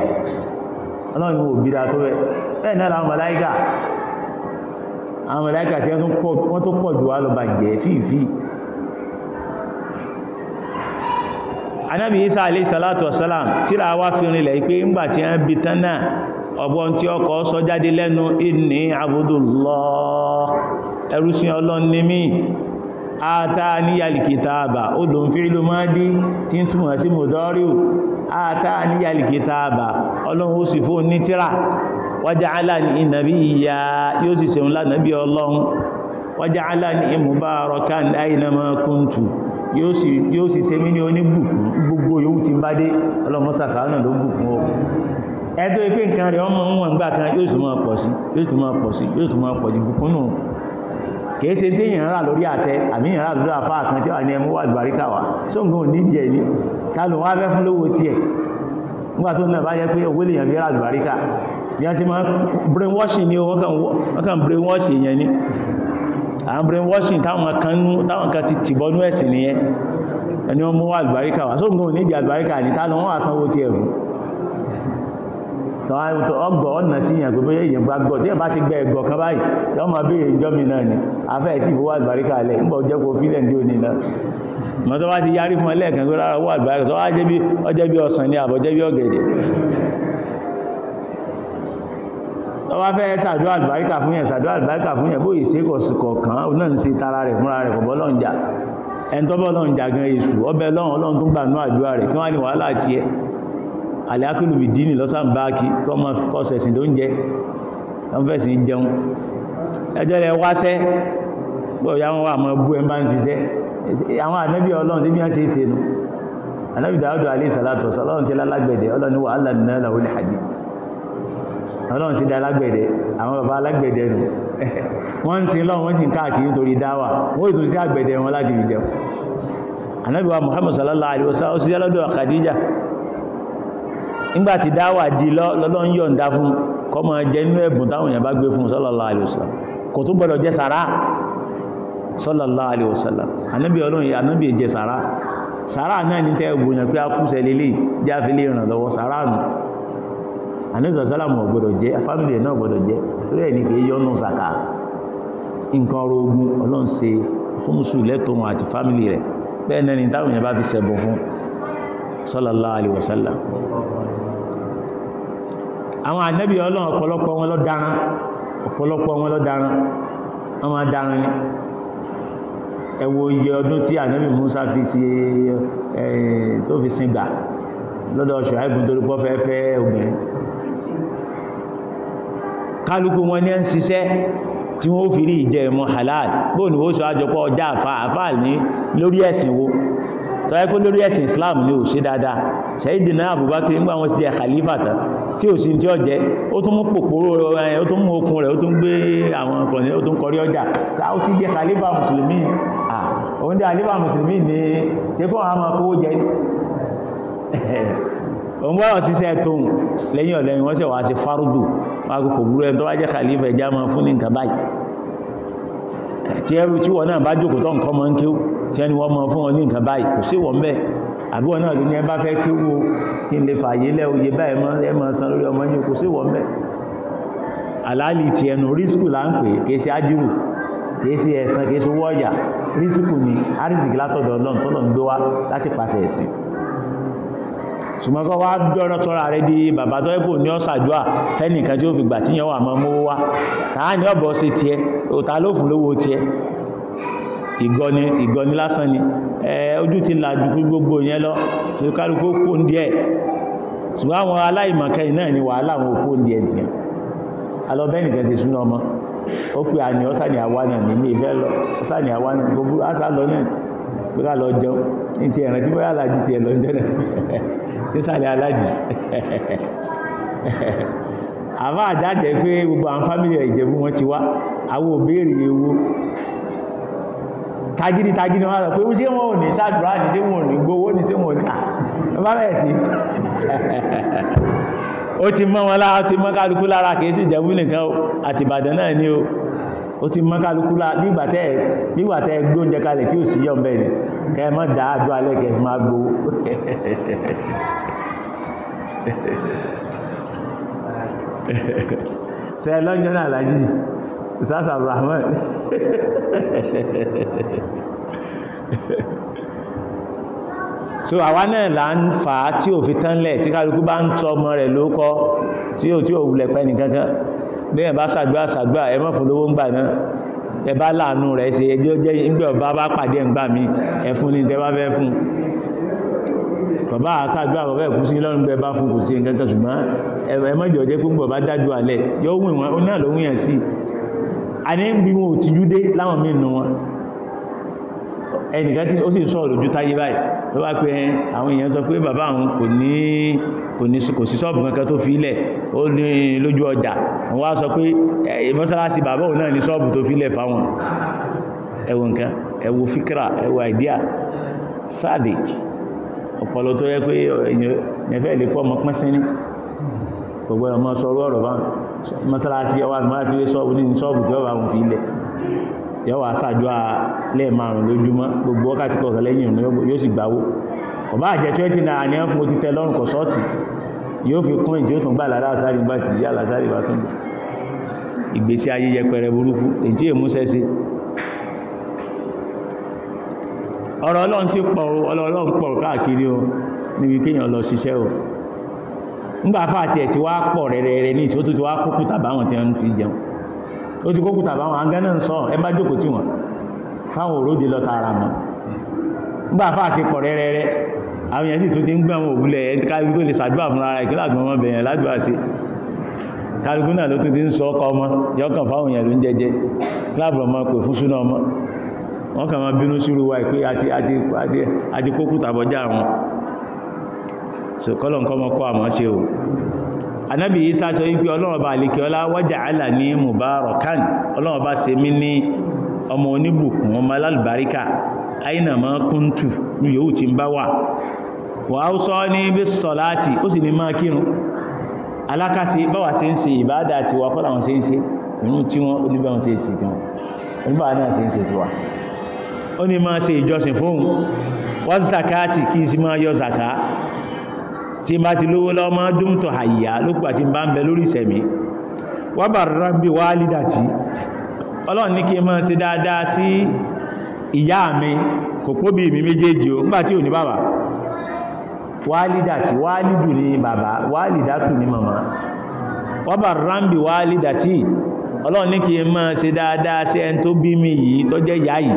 ọlọ́run ò bí dáa tó rẹ̀ bẹ́ẹ̀ náà làwọn màláíkà àwọn màláíkà tí wọ́n tó pọ̀ jù wá lọ bàjẹ́ fífí anábì isa alayhi salatu wasalam tíra wá fi rinlẹ̀ pé ńgbà tí wọ́n bi tán náà ọgbọ́n tí ọkọ̀ sọ jáde lẹ́nu inni abudullah ẹrú sí ataniyal kitaba ó dùn fíìlú madi tí ń túnmọ̀ sí mọ̀dọ́ríù ataniyal kitaba ọlọ́run ó sì fún ní tíra waja'alani nabiyya yóò sì ṣeun n'i ọlọ́run waja'alani mubarakan aynama kuntu yóò sì ṣe mí ní oníbùkún gbogbo yòówù tí ń bá dé ọlọ́run sàfàánà ló bùkún ọ ẹ̀tọ́ ìpé nǹkan rẹ̀ ọmọ gbà kan yóò máa pọ̀ sí yóò máa pọ̀ sí kìí ṣe téèyàn rà lórí àtẹ àbí èèyàn rà lórí afá kan tí wà ní ẹmú wà lùbáríkà wá tó nǹkan ò ní jẹ ní ta ló wá fẹ́ fún lówó tiẹ̀ nígbà tó náà bá jẹ́ pé owó lèèyàn fi rà lùbáríkà bí wọ́n ti máa brainwashing ni wọ́n kàn brainwashing yẹn ni à brainwashing táwọn kan nú táwọn kan ti tìbọnú ẹ̀sìn nìyẹn ẹni wọ́n mú wà lùbáríkà wá tó nǹkan ò ní jẹ àlùbáríkà ní ta ló wọ́n wà sanwó tiẹ̀ fún ọgbọ̀ ọ̀nà sí ìyàn pé èyàn bá gbọ́ tí ẹ bá ti gbẹ ẹ̀gọ̀ kan báyìí yọ́ ma bí èyàn jọ́mi náà ni afẹ́ tí ìfowó àgbàríkà alẹ́ ń bọ̀ jẹ́ kó fílẹ̀ ní òní náà mọ́ tó bá ti yarí fún ẹlẹ́ẹ̀kan tó rárá owó àgbàríkà tó ọjẹ́ bí ọsàn ni àbọ̀jẹ́ bí ọ̀gẹ̀dẹ̀ tó bá fẹ́ sàdó àgbàríkà fún yẹn sàdó àgbàríkà fún yẹn bóyì sí kọ̀sùkọ̀ kan náà ń ṣe tara rẹ̀ fúnra rẹ̀ kọ̀bọ́ lọ́n jà ẹni tọ́bọ́ lọ́n jà gan èṣù ọbẹ̀ lọ́n ọlọ́run tó gbà nú àdúrà rẹ̀ kí wọ́n á ní wàhálà tiẹ̀ àlẹ́ákìlùbì dínì lọ́sàn báàkì kọmọ kọsẹ̀sìn ló ń jẹ ẹmfẹ́sìn jẹun ẹjọ́ rẹ̀ wáṣẹ́ bọ́ọ̀yá wọn wà mọ́ bú ẹ bá ń ṣiṣẹ́ àwọn ànábì ọlọ́run tí bí wọ́n ṣe é ṣe nù ànábì dáwọ́dọ̀ alẹ́ ìsàlátọ̀ ọlọ́run ṣe lálágbẹ̀dẹ̀ ọlọ́run wà alàdínà làwọn ní hadid ọlọ́run ṣe dá alágbẹ̀dẹ̀ àwọn bàbá alágbẹ̀dẹ̀ nù wọ́n ń sin lọ́run wọ́n sì ń káàkiri nítorí dáwà wọ́n ìtún sí àgbẹ̀dẹ̀ wọn láti fi jẹun ànábì wa Muhammad alaihi wasallam ó sì nígbàtí dáwà di lọ́lọ́n yọ̀ǹda fún kó máa jẹ inú ẹ̀bùn táwọn èèyàn bá gbé fún sallallahu alaihi wasallam kò tún gbọ́dọ̀ jẹ sàrá sallallahu alaihi wasallam ànábì ọlọ́run ànábì jẹ sàrá sàrá náà ní tẹ́ ẹ̀bùn yàn pé a kúṣẹ̀ lélẹ̀ já fi lè ràn lọ́wọ́ sàrá nù ànábì sàlámù ọ̀gbọ́dọ̀ jẹ fámìlì náà gbọ́dọ̀ jẹ torí ẹ̀ ní kì bẹ́ẹ̀ náà táwọn èèyàn bá fi ṣẹ̀bùn fún sallallahu alaihi àwọn ànábì ọlọ́run ọ̀pọ̀lọpọ̀ wọn lọ daran ọ̀pọ̀lọpọ̀ wọn lọ daran wọ́n máa daran ni ẹ wo iye ọdún tí ànábì Musa fi ṣe ẹ tó fi sin gbà lọ́dọ̀ ọ̀ṣọ́ àìgùn torí pọ́ fẹ́ẹ́ obìnrin kálukú wọn ní ẹ ń ṣiṣẹ́ tí wọ́n ó fi rí ìjẹ́ ìmọ̀ halal bóun ni ó sọ àjọpọ̀ ọjà àfáà àfáà ní lórí ẹ̀sìn wo tọ́yẹ́ pé lórí ẹ̀sìn Islam ni ò ṣe dáadáa Sayyidina Abubakar nígbà wọn ti jẹ khalifa tán tí ò sí tí ó jẹ ó tún mú pòpòrò ó tún mú okun rẹ̀ ó tún gbé àwọn ọkùnrin ó tún kọrí ọjà ká ó ti jẹ khalifa mùsùlùmí òun jẹ khalifa mùsùlùmí ni ṣé kó àwọn akówó jẹ òun bọ́rọ̀ síṣẹ́ tóun lẹ́yìn ọ̀lẹ́yìn wọ́n sì wá sí fárúdù wọn kò burú ẹni tó bá jẹ́ khalifa ẹja máa fún ní nǹkan báyìí tí ẹrú tí wọn náà bá jókòó tó tí ẹni wọ́n mọ́ fún wọn ní nǹkan báyìí kò sí wọ́n bẹ́ẹ̀ àbí wọn náà ló ní ẹ bá fẹ́ kí wo kí n lè fààyè lẹ́ oyè báyìí mọ́ ẹ mọ́ san lórí ọmọ yìí kò sí wọ́n bẹ́ẹ̀ àlàálì ti ẹnu rísíkù là ń pè kìí ṣe ájúrù kìí ṣe ẹ̀san kìí ṣe owó ọ̀yà rísíkù ni árísìkì látọ̀dọ̀ ọlọ́run tó lọ́n gbé wá láti pàṣẹ ẹ̀sìn ṣùgbọ́n wá dọ́rọ̀ tọ́ra rẹ di bàbá tó ẹ̀bùn ní ọ̀sàdúà fẹ́nìkan tí ó fi gbà tíyàn wà mọ́ mówó wá tàá ní ọ̀bọ̀ ṣe tiẹ̀ òta ló lówó tiẹ̀ ìgọni ìgọni lásán ni ojú ti làjú pí gbogbo yẹn lọ tó kálukú kó ń díẹ̀ ṣùgbọ́n àwọn aláìmọ̀kẹ́yìn náà ni wàhálà àwọn òkú ń díẹ̀ jìyàn alọ́bẹ́nì kan ti súná ọmọ ó pè àní ọ́sàní àwa náà ní ilé ìfẹ́ lọ ọ́sàní àwa náà gbogbo àṣà lọ náà pé ká lọ jẹun ní ti ẹ̀ràn tí bóyá alájì tiẹ̀ lọ jẹ́ náà nísàlẹ̀ alájì àbá àjájẹ́ pé gbogbo àwọn fámìlì ẹ̀jẹ̀ bí wọ́n ti wá àwọn òbéèrè ewu tagidi tagidi wọn pé ṣé wọn ò ní ṣàdúrà ní ṣé wọn ò ní gbowó ní ṣé wọn ò ní àbá ah, bẹ̀rẹ̀ sí ó ti mọ́ wọn lára ti mọ́ kálukú lára kìí sì jẹ́bú nìkan àti Ìbàdàn náà ni o ó ti mọ́ kálukú lára nígbàtẹ́ gbé oúnjẹ kalẹ̀ tí ò sí yọ̀ bẹ́ẹ̀ kẹ́ mọ́ dá àjọ alẹ́ kẹ́ máa gbowó ṣe lọ́jọ́ náà láyé Ustaz Abdulrahman so àwa náà là ń fà á tí ò fi tánlẹ̀ tí kálukú bá ń tọ ọmọ rẹ̀ ló kọ́ tí ò tí ò wulẹ̀ pẹ́ nìkankan bí ẹ̀ bá ṣàdúrà ṣàdúrà ẹ má fún lówó ń gbà náà ẹ bá láàánú rẹ̀ ṣe ẹjọ́ jẹ́ ìgbẹ̀ ọba bá pàdé ẹ̀ǹgbà mi ẹ fún ní tẹ́ bá fẹ́ fún bàbá àṣàdúrà bàbá ẹ̀kú sí lọ́rùn gbẹ bá fún kò sí nǹkan kan ṣùgbọ́n ẹ mọ́jọ́ jẹ́ pé ń bọ̀ bá dájú alẹ̀ yóò wùn wọn náà ló wùn yẹn sí àní ń bí wọn ò tijú dé láwọn míì nù wọn ẹnìkan tí ó sì sọ̀rọ̀ lójú táyé báyìí tó bá pé àwọn èèyàn sọ pé bàbá àwọn kò ní kò sí ṣọ́ọ̀bù kankan tó fi ilẹ̀ ó ní lójú ọjà wọ́n wá sọ pé mọ́sálásí bàbá òun náà ní ṣọ́ọ̀bù tó fi ilẹ̀ fáwọn ẹwọ nǹkan ẹwọ fíkra ẹwọ àìdíà savage ọpọlọ tó yẹ pé èèyàn fẹ́ lè pọ́ ọmọ pín sí ní gbogbo ọmọ sọ ọ̀rọ̀ báwọn mọ́sálásí ọwá mọ́sálásí wé sọ́ọ̀bù ní sọ́ọ̀bù tí ọba wọn fi ilẹ̀ yọ́wà sàjọ́ lẹ́ẹ̀márùn lójúmọ́ gbogbo wákàtí kọ̀ọ̀kan lẹ́yìn ìrìn yóò sì gbàwó ọba àjẹ́ 20 naira ní ẹ̀fún ti tẹ lọ́rùn kọ̀ sọ́ọ̀tì yóò fi kún ìjẹ́ òtún gbà lára àsárì bá ti yá làsárì bá tún ìgbésí ayé yẹpẹrẹ burúkú èyí tí èmú ọ̀rọ̀ ọlọ́run sí pọ̀ ọlọ́run pọ̀ káàkiri o níbi kéèyàn lọ ṣiṣẹ́ o nígbà fàtí ẹ̀ ti wá pọ̀ rẹ̀rẹ̀rẹ̀ ní ìṣó tó ti wá kókùtà báwọn tí wọ́n fi jẹun ó ti kókùtà báwọn àgánà ń sọ ẹ bá jókòó tí wọ́n fáwọn òróde lọ tààrà mọ́ nígbà fàtí pọ̀ rẹ̀rẹ̀rẹ̀ àwọn èèyàn sì tún ti ń gbé àwọn òwúlẹ̀ ẹ̀ káàbí tó lè ṣàdúrà fún ara ìkílà gbọ́n mọ́ bẹ̀yẹn ládùúrà sí kálukú náà ló tún ti ń sọ ọkọ ọmọ jẹ́ ọkàn fáwọn èèyàn ló ń jẹjẹ kíláàbù ọmọ pè fún súnà ọmọ wọ́n kàn máa bínú sírú wa pé àti kókùtà bọjá àwọn so kọ́lọ̀ nǹkan mọ́ kọ́ àmọ́ ṣe o anábì Isa sọ wípé ọlọ́run ọba àlekẹ́ ọlá wájà àlà ní mubarakan ọlọ́run ọba ṣe mí ní ọmọ oníbùkún ọmọ alálùbáríkà àyínà máa kúntù ní yòówù tí ń bá wà wà á sọ ní bí sọláàtì ó sì ní máa kírun alákàsí báwa ṣe ń ṣe ìbáàdà àti wà kọ́lá wọn ṣe ń ṣe ìrún tí wọ́n oníbà wọn ṣe ń ṣe tiwọn oníbà náà ṣe ń ṣe tiwa ó ní zakati kí n sì máa yọ tí bá ti lówó lọ́mọ dúmtọ̀ àyà lópa tí bá ń bẹ lórí ìṣẹ̀mí wọ́n bà rárá ń bí wá lídàtí ọlọ́run ní kí mọ́ ṣe dáadáa sí ìyá mi kò póbi mi méjèèjì o nígbà tí ò ní bàbá wá lídàtí wá lídù ní bàbá wá lídàtù ní màmá wọ́n bà rárá ń bí wá lídàtí ọlọ́run ní kí mọ́ ṣe dáadáa sí ẹni tó bí mi yìí tó jẹ́ yìí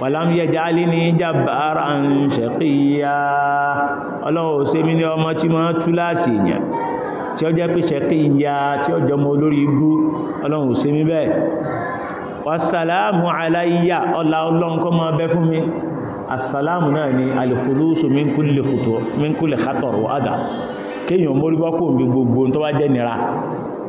wàlám yajalini jabbaran shaqiyya ọlọ́run ò ṣe mí ní ọmọ tí wọ́n tú láàsì èèyàn tí ó jẹ́ pé shaqiyya tí ó jọmọ olórí ibú ọlọ́run ò ṣe mí bẹ́ẹ̀ wàsàlámù aláyíyà ọlá ọlọ́run kó máa bẹ fún mi asàlámù náà ni alìkúlùsù min kulli khatar wa adha kéèyàn mórí bọ́kùn bí gbogbo tó bá jẹ́ nira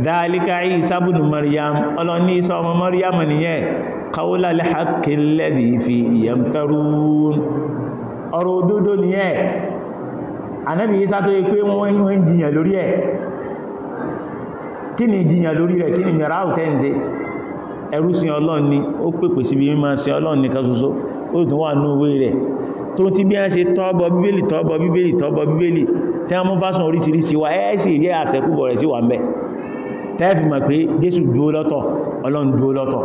dáálíká Ìsá bùnú Maryam ọlọ́ní Ìsá ọmọ Maryam nìyẹn kawla al-haqqi alladhi fihi yamtarun ọ̀rọ̀ òdodo nìyẹn Ànábì Ìsá tó yẹ pé wọ́n ń jiyàn lórí ẹ̀ kí ni jiyàn lórí rẹ̀ kí ni yàrá òtẹ́ǹze ẹrú sin Ọlọ́run ni ó pèpè síbi mímọ́ sin Ọlọ́run nìkan ṣoṣo ó tún wà ní owó rẹ̀ tó ti bí a ṣe tọ́bọ bíbélì tọ́bọ bíbélì tọ́bọ bíbélì tí wọ́n mú fásùn oríṣiríṣi wa ẹ́ẹ̀sì rí àṣẹ́kùbọ̀ rẹ̀ sí wà ń tẹ́ẹ̀fì mọ̀ pé jésù dúó lọ́tọ̀ ọlọ́run dúó lọ́tọ̀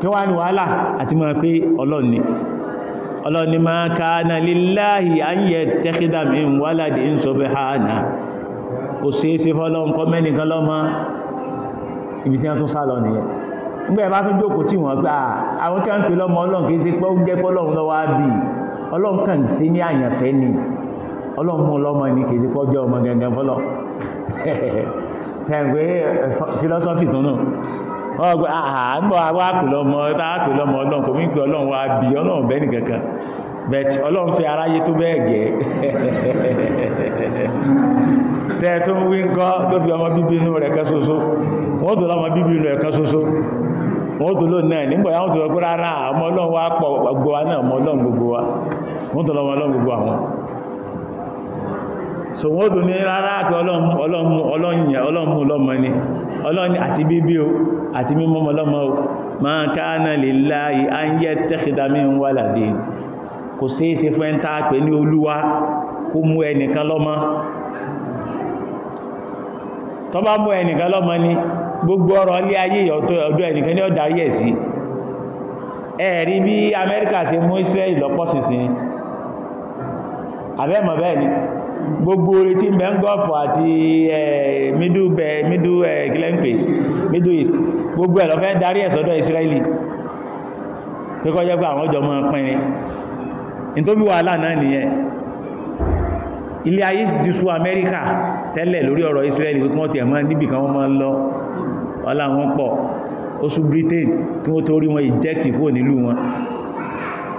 kí wá ní wàhálà àti mọ̀ pé ọlọ́run ni ọlọ́run ni máa ka na líláàhì ayẹ tẹ́kídà mi ń wálàdì ń sọ fẹ́ hàánà kò ṣeéṣe fọ́lọ́run kọ́ mẹ́nìkan lọ́mọ ibi tí wọ́n tún sá lọ nìyẹn nígbà ẹ bá tún jókòó tí wọ́n sí ní àyànfẹ́ mú ọlọ́mọ ni kì pọ́jọ́ ọmọ gangan fọ́lọ́ tẹ̀gbé philosophy tó náà wọ́n gbé àgbọ́ ah, ah, kò mín pé ọlọ́run wá bí ọlọ́run bẹ́ẹ̀ nìkankan but ọlọ́run aráyé tó bẹ́ẹ̀ gẹ́ tẹ́ tó ń wí tó fi ọmọ bíbí inú rẹ̀ tó lọ́mọ bíbí inú so wọ́n tó ní rárá pé ọlọ́yìn ọlọ́mù ọlọ́mọ ni ọlọ́ni àti bíbí o àti mímọ́ ọlọ́mọ o ma kana lillahi an yattakhidha min waladin kò sí ṣe ń táà pé ní olúwa kó mú ẹnìkan lọ́mọ ni gbogbo ọ̀rọ̀ ilé ayé ọ̀dọ̀ ẹnìkan ní ọ̀darí ẹ̀ sí mú Israel lọ́pọ̀ sísìn bẹ́ẹ̀ ni gbogbo orí tí ń bẹ ń gọ́ọ̀fù àti middle glenpe middle east gbogbo ẹ̀ lọ fẹ́ darí ẹ̀ sọ́dọ̀ israeli pẹ́kọ́ jẹ́ pé àwọn ọjọ́ mọ́ pínrin in tó bí wàhálà náà nìyẹn ilé ayé ti sú amẹ́ríkà tẹ́lẹ̀ lórí ọ̀rọ̀ israeli pé kí wọ́n ti ẹ̀mọ́ níbì kan wọ́n máa lọ ọlá wọn pọ̀ ó sú britain kí wọ́n tó rí wọn eject kúrò nílùú wọn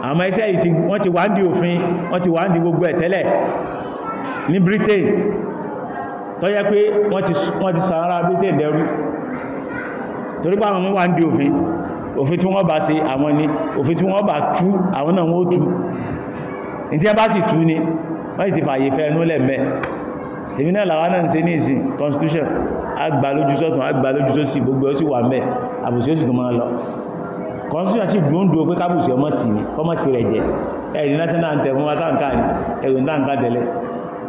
àmọ́ israeli wọ́n ti wá ń di òfin wọ́n ti wá ń di gbogbo ẹ̀ tẹ́lẹ̀ ní Britain tó yẹ pé wọ́n ti sàárá Britain dẹrú torí pé àwọn wà ń di òfin òfin tí wọ́n bá ṣe àwọn ni òfin tí wọ́n bá tú àwọn náà wọ́n tú ní tí wọ́n bá sì tú ni wọ́n ti fàyè fẹ́ ẹnú lẹ̀mẹ́ tèmi náà làwọn náà ń ṣe ní ìsìn constitution agbà lójú sọ́tún agbà lójú sósì gbogbo ó sì wà mẹ́ àbòsí ó tó máa lọ constitution sì dùn dùn pé kábùsí ọmọ sí ni ọmọ sí rẹ̀ jẹ́ ẹ̀yìn national anthem wọn táǹkà ẹ̀rùn táǹkà tẹ̀lẹ̀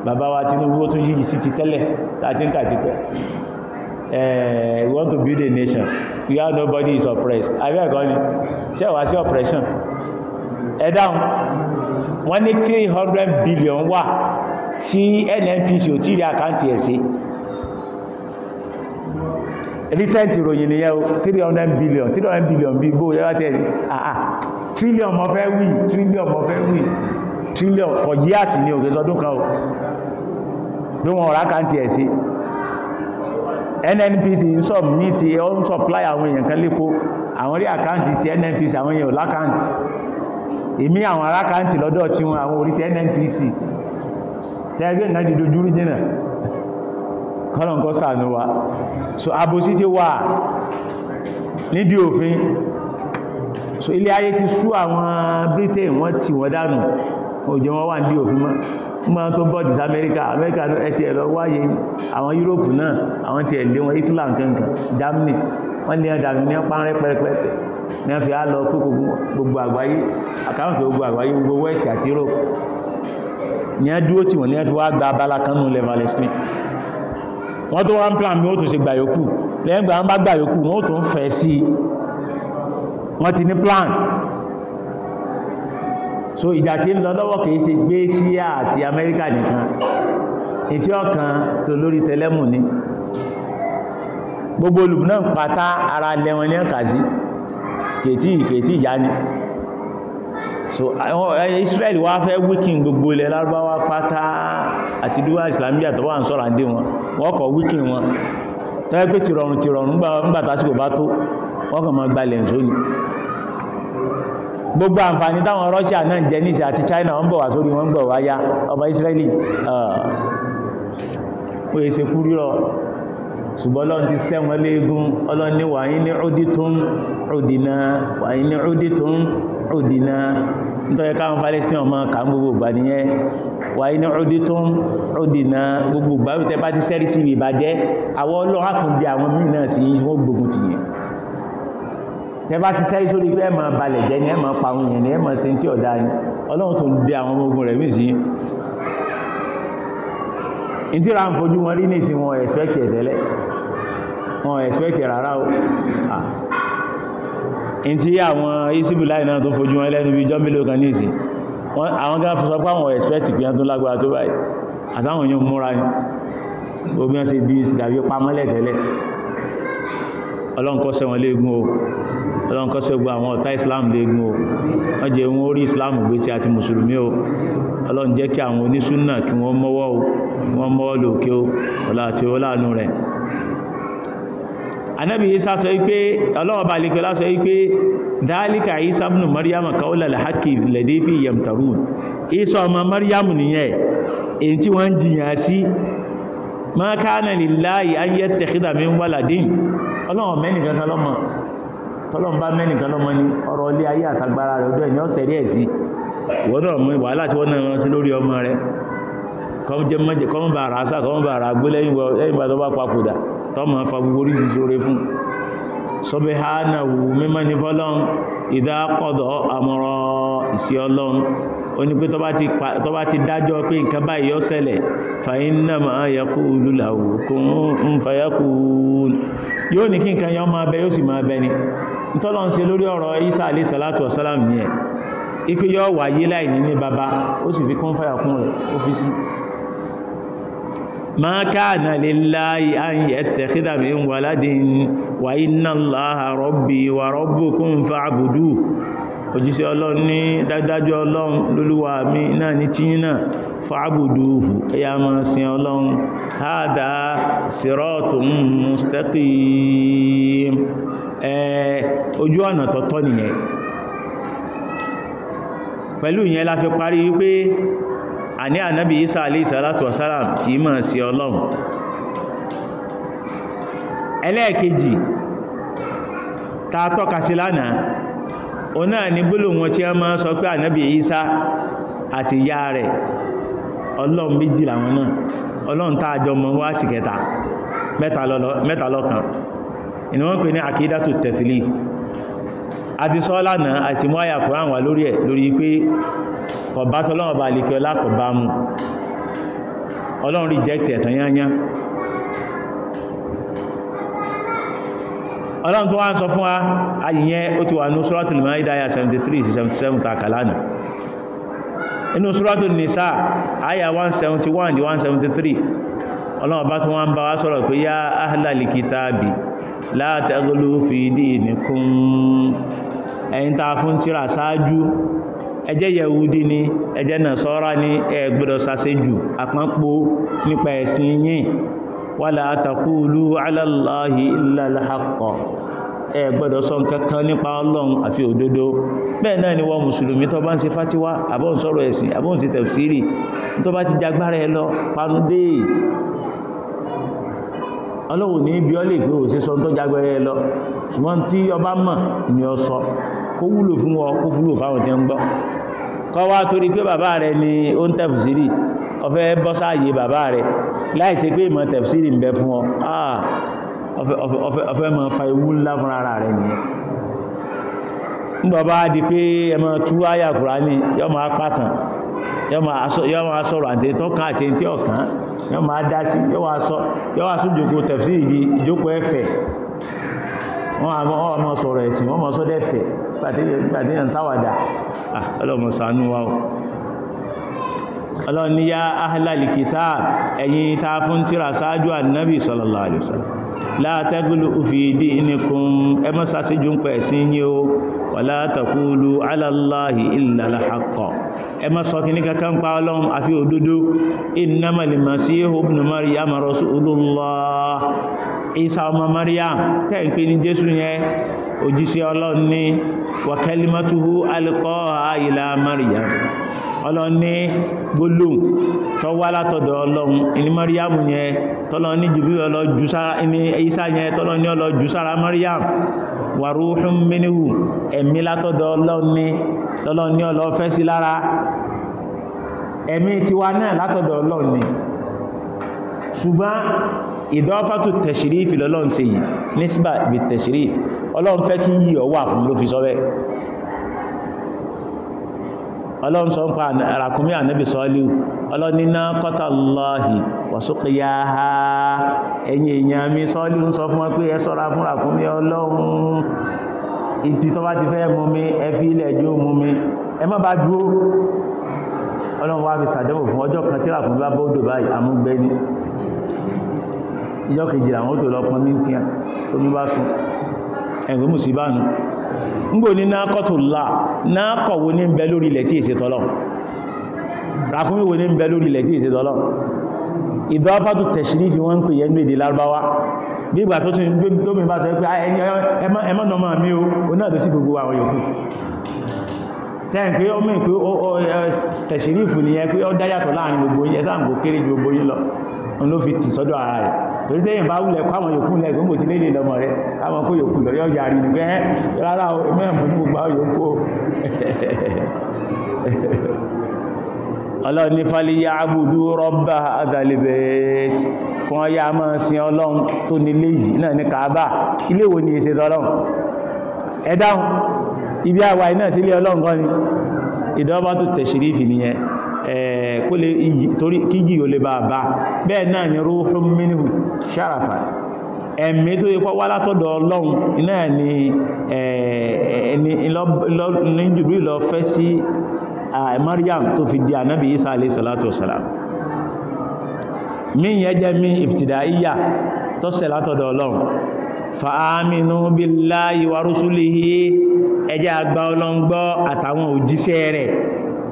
bàbá wa Tinubu tún yìí sí ti tẹ́lẹ̀ tàti ń pẹ́ we want to build a nation we have nobody is oppressed abẹ́ ẹ̀kọ́ ni ṣé wá sí oppression ẹ dáhùn wọ́n ní 300 billion wà tí NNPC ò tí rí àkáǹtì ẹ̀ sí recent ìròyìn nìyẹn o 300 billion 300 billion bí gbó yẹ́ wáṣẹ́ rí àà trillion mo fẹ́ trillion mo fẹ́ trillion for years ni òkè kan bí wọ́n rá káńtì ẹ̀ sí nnpc ń sọ mí ti ọ ń supply àwọn èèyàn kan lépo àwọn rí àkáǹtì ti nnpc àwọn èèyàn lákáǹtì èmi àwọn arákáǹtì lọ́dọ̀ tí wọn àwọn orí ti nnpc tẹ́gbẹ́ ìná dìdò júrí jìnà kọ́lọ̀nkọ́ sàánú wa so àbòsí ti wà níbi òfin so ilé ayé ti sú àwọn britain wọ́n ti wọ́n dànù òjò wọn wà níbi òfin mọ́ máa tó bọ́ọ̀dì sí amẹ́ríkà amẹ́ríkà ẹ̀tì ẹ̀lọ wáyé àwọn yúróòpù náà àwọn ti ẹ̀lé wọn italy nkankan germany wọ́n lè ẹ̀dà ní pàrẹ pẹ́rẹpẹ́tẹ̀ ní wọ́n fi á lọ kó gbogbo àgbáyé àkáwọn pé gbogbo àgbáyé gbogbo west àti europe ní ẹ́ dúró tí wọ́n ní ẹ́ fi wá gba abala kan nù lẹ́valẹ́sìn wọ́n tó wọ́n plan bí wọ́n tó ṣe gbà yòókù lẹ́yìn gbà wọ́n bá gbà yòókù wọ́n tó fẹ́ sí wọ́n ti ní plan so ìjà tí ń lọ lọ́wọ́ kìí ṣe gbé ṣíà àti amẹ́ríkà nìkan ìtí ọ̀kan tó lórí tẹlẹ́mù ni gbogbo náà ara lẹ́wọ̀n ní ọ̀kà sí kètí kètí ìyá ni so Israel wá fẹ́ wíkìn gbogbo ilẹ̀ lárúbáwá pátá àti dúwà islamiyà tó wà ń wọn wọ́n kọ̀ wíkìn wọn pé tìrọ̀rùn tìrọ̀rùn nígbà tásìkò bá tó wọ́n kàn máa gbalẹ̀ gbogbo àǹfààní táwọn Russia náà jẹ níṣẹ́ àti China wọ́n bọ̀ wá sórí wọ́n gbọ̀ wáyá ọmọ Israeli ó yẹ ṣe kú rírọ ṣùgbọ́n lọ́n ti sẹ́wọ́n léegun ọlọ́n ní wà ní ọdítún ọdínà wà ní ọdítún ọdínà nítorí káwọn Palestine ọmọ kà ń gbogbo ìgbà nìyẹn wà ní ọdítún ọdínà gbogbo ìgbà wípé bá ti sẹ́rí sí ìbàjẹ́ àwọn ọlọ́run àkànbí àwọn míì náà sì yí wọ́n tìyẹn tẹ́bá ti sẹ́yí sórí pé ẹ máa balẹ̀ jẹ́ ni ẹ máa pa àwọn èèyàn ni ẹ máa ṣe tí ọ̀dá ni ọlọ́run tó ń dé àwọn ọmọ ogun rẹ̀ mí sí in tí ra ń fojú wọn rí ní ìsìn wọn expect ẹ̀tẹ́lẹ̀ wọn expect rárá o in tí àwọn isibu láì náà tó fojú wọn lẹ́nu bí jọ́mbílò kan ní ìsìn àwọn gan sọ pé àwọn expect pé tó lágbára tó báyìí àtàwọn èèyàn múra ni obi wọn bí ìsìn tàbí pamọ́lẹ̀ tẹ́lẹ̀ ọlọ́run kọ́ léegun o ọlọ́run kọ́ sọ́gbọ́ àwọn ọ̀tá islam léegun o wọ́n jẹ́ wọn orí islam gbèsè àti mùsùlùmí o ọlọ́run jẹ́ kí àwọn onísúnà kí wọ́n mọ́wọ́ o wọ́n mọ́wọ́ lòkè o ọlá àti ọlánú rẹ̀ anábì isa sọ wípé ọlọ́wọ́ bá lè kọlá sọ wípé dálíkà isa ibn maryam kaula lahaki lẹ́dẹ́fì yamtarun isa ọmọ maryam nìyẹn èyí tí wọ́n jìyàn sí ma kana lillahi an yattakhidha min waladin ọlọ́wọ́ mẹ́nìkan lọ́mọ tọ́lọ́mbá mẹ́nìkan lọ́mọ ní ọ̀rọ̀ ilé ayé àtagbára rẹ̀ ọdọ́ ẹ̀yìn ọ̀sẹ̀ rí ẹ̀ sí ìwọ́n náà mú wàhálà tí wọ́n náà rán sí lórí ọmọ rẹ̀ kọ́mọ jẹ́ mọ́jẹ kọ́mọ bá ara sá kọ́mọ bá ara gbé lẹ́yìn ìgbà tó bá papòdà tọ́mọ fa gbogbo orí ìṣiṣẹ́ oore fún sọ́bẹ̀ ha náà wù mímọ́ ní fọ́lọ́n ìdá kọ́dọ̀ àmọ̀rọ̀ ìṣẹ́ ọlọ́run ó ní pé tó bá ti dájọ́ pé nǹkan báyìí ó ṣẹlẹ̀ fàyín náà máa yẹkú lùlàwò kò ń fàyẹkù yóò ní kí nǹkan yẹn máa bẹ yóò sì máa bẹ ni ìtọ́lọ̀ ń ṣe lórí ọ̀rọ̀ Isa alayhi salatu wasalam ní ẹ̀ ikú yọ wáyé láì ní ní bàbá ó sì fi kún fàyà kún rẹ̀ ó fi sí ma kana lillahi an yattakhidha min waladin wa inna Allaha rabbi wa rabbukum fa'buduhu òjíṣẹ́ ọlọ́run ní dájúdájú ọlọ́run lólúwa mi náà ní tí yínà fa'abuduhu ẹ̀yà máa sin ọlọ́run hada siratun mustaqim ojú ọ̀nà tọ́tọ́ nìyẹn pẹ̀lú ìyẹn la fi parí wípé àní ànábì Isa alayhi salatu wasalam kì í máa sin ọlọ́run ẹlẹ́ẹ̀kejì ta tọ́ka ona ni gbólò wọn tí a máa sọ pé ànábì Ìsá àti ìyá rẹ̀ ọlọ́run méjì làwọn náà ọlọ́run tá àjọ mọ́ wá sí kẹta mẹ́ta lọ́kan ìní wọ́n pè ní tẹ̀fìlì àti sọ àti àyà lórí ẹ̀ lórí pé mu ọlọ́run ọlọ́run tó wá ń sọ fún wa ayìyẹn ó ti wà ní suratul Maida àyà 73-77 takalánì inú suratul Nisa àyà 171-173 ọlọ́run bá tún wá ń bá wá sọ̀rọ̀ pé yá ahlal kitabi la taghlu wala taqulu ala Allahi illa al-haqq ẹ gbọ́dọ̀ sọ nǹkankan nípa Ọlọ́run àfi òdodo bẹ́ẹ̀ náà ni wọ́n mùsùlùmí tó bá ń ṣe fátíwá àbọ́n sọ̀rọ̀ ẹ̀sìn àbọ́n ṣe tẹ̀fsìrì tó bá ti jagbára ẹ lọ panudé Ọlọ́run ní bí ọ lè pé òṣè sọ tó jagbára ẹ lọ ṣùgbọ́n tí ọba mọ̀ ni ọ sọ kó wúlò fún wọn kó wúlò fáwọn tí ń gbọ́ kọ́ wá torí pé bàbá rẹ ni ó ń tẹ̀fsìrì ọfẹ́ bọ́sáàyè bàbá rẹ̀ láìsí pé ìmọ̀ tẹ̀fsìrì ń bẹ fún ọ ọfẹ́ ah, mọ̀ fa ewu ńlá fún ara rẹ̀ nìyẹn nígbàbá di pé ẹmọ tú àyà Kùránì ní máa pàtàn yọ́ máa sọ̀rọ̀ àti tọ́kàn àti tí ọ̀kan yọ́ máa dá sí yọ́ wá di ìjókòó ẹ̀fẹ̀ wọ́n mọ̀ sọ̀rọ̀ ẹ̀tì wọ́n mọ̀ sọ́dẹ̀fẹ̀ pàtíyàn sáwàdà ah, ọlọ́mọ̀ sànú wa o ọlọ́run ní yá ahlal kitab ẹ̀yin ta fún tíra ṣáájú ànábì sallallahu alaihi wasallam la taglu fi dinikum ẹ má ṣàṣejù ń pẹ̀ sí yín o wala taqulu ala Allahi illa al-haqq ẹ má sọ kìíní kankan pa ọlọ́run àfi òdodo innamal masihu ibnu maryam rasulullah isa ọmọ maryam tẹ́ ń pè ní ọlọ́n ní gbólóhùn tó wá látọ̀dọ̀ ọlọ́run ní Maryamu yẹn tọ́lọ́ ní jùbí ọlọ́ jù sára ní Isa yẹn tọ́lọ́ ní ọlọ́ jù sára Maryamu wa ruhun minhu ẹ̀mí látọ̀dọ̀ ọlọ́run ní tọ́lọ́ ní ọlọ́ fẹ́ sí lára ẹ̀mí tiwa náà látọ̀dọ̀ ọlọ́run ní ṣùgbọ́n ìdọ́fàtò ọlọ́run sọ ń pa àràkúnmí ànábì sọ́ọ́lù ọlọ́nínà kọ́tà lọ́hì wọ̀sókèyà ha ẹ̀yìn èèyàn mi sọ́ọ́lù ń sọ fún wọn pé ẹ sọ́ra fún àràkúnmí ọlọ́run ìtì tó bá ti fẹ́ mú mi ẹ fi ilẹ̀ jó mú mi ẹ má bá dúró ọlọ́run wá fi sàdẹ́wò fún ọjọ́ kan tí àràkúnmí bá bọ́ọ̀dọ̀ báyìí àmúgbẹ́ni ìjọ́ kejì àwọn tó lọ pọn mí ń tiẹ̀ tómi bá sùn ẹ̀gbẹ́ mùsùlùmí ngbò ní náàkọ̀tùlá náàkọ̀ wo ní ń bẹ lórí ilẹ̀ tí èsè tọ́lọ̀ ràkúnmí wo ní ń bẹ lórí ilẹ̀ tí èsè tọ́lọ̀ ìdọ́fàtù tẹ̀ṣìrífì wọ́n ń pè yẹn ní èdè lárúbáwá bí ìgbà tó mi bá sọ pé ẹmọ́nà máa mí o o náà tó sí gbogbo àwọn yòókù sẹ́yìn pé ó mẹ́ pé tẹ̀ṣìrífì nìyẹn pé ló fi tì sọ́dọ̀ ara rẹ̀ torí tẹ́yìn bá wulẹ̀ kó àwọn yòókù lẹ̀ gbogbo tí lè lè rẹ̀ káwọn kó yòókù lọ yọjà rí ni rárá o mẹ́mú ní gbogbo àwọn o ọlọ́run ní fàlíyà àbùdú rọ́bà adàlẹ́bẹ̀ẹ́tì kí wọ́n ibi àwa iná sílé ọlọ́run ni ìdọ́bà tó tẹ̀sírífì nìyẹn ẹ̀ẹ́ kó lè torí kíjì ò lè bàbá bẹ́ẹ̀ náà ni ruhun minhu sharafa ẹ̀mí tó yẹ kó wá látọ̀dọ̀ ọlọ́run iná ni ẹni ìlọ́jùbí lọ fẹ́ sí Maryam tó fi di ànábì Isa alayhi salatu wasalam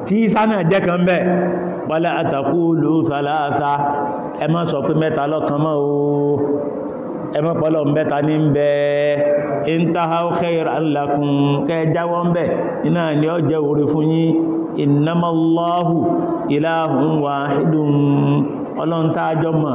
tí Isa jẹ́ kan bẹ́ẹ̀ wala àtàkùlù thalatha ẹ má sọ pé mẹ́ta lọ́kan mọ́ o ẹ má pọ́lọ̀ mẹ́ta ní bẹ́ in tahaw khayran lakum kẹ́ jáwọ́ ń bẹ̀ iná ni ó jẹ́ orí fún yín innamallahu ilahun wahidun ọlọ́ntàjọ́mọ̀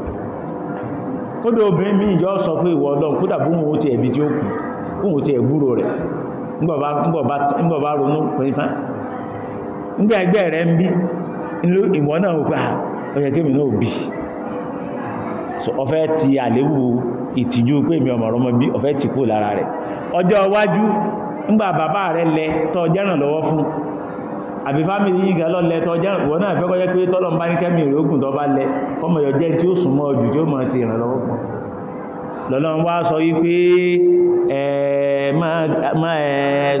kódà obìnrin míì sọ pé ìwọ ọlọ́run kódà bó wọn ó ti ẹ̀bí tí ó kù bó wọn ó ti ẹ̀gbúrò rẹ̀ ńgbọ̀ bá ronú pẹ̀lú tán nígbà ẹgbẹ́ rẹ̀ ń bí ìwọ náà ó pa ọyẹ kémi náà bí ọfẹ́ ti àléwu ìtìjú pé mi ọmọ ọmọ ti kú lára rẹ̀ ọjọ́ iwájú bàbá rẹ̀ lẹ tọ́ jẹ́ràn lọ́wọ́ àbí fámìlì yìí gan lọ́lẹ̀ tó jẹ́ náà fẹ́ kọjá pé tọ́lọ̀ ń bá ní kẹ́mì tó bá lẹ kọmọ yọ jẹ́ tí ó súnmọ́ jù tí ó mọ̀ sí ìrànlọ́wọ́ fún lọ́lọ́run wá sọ wípé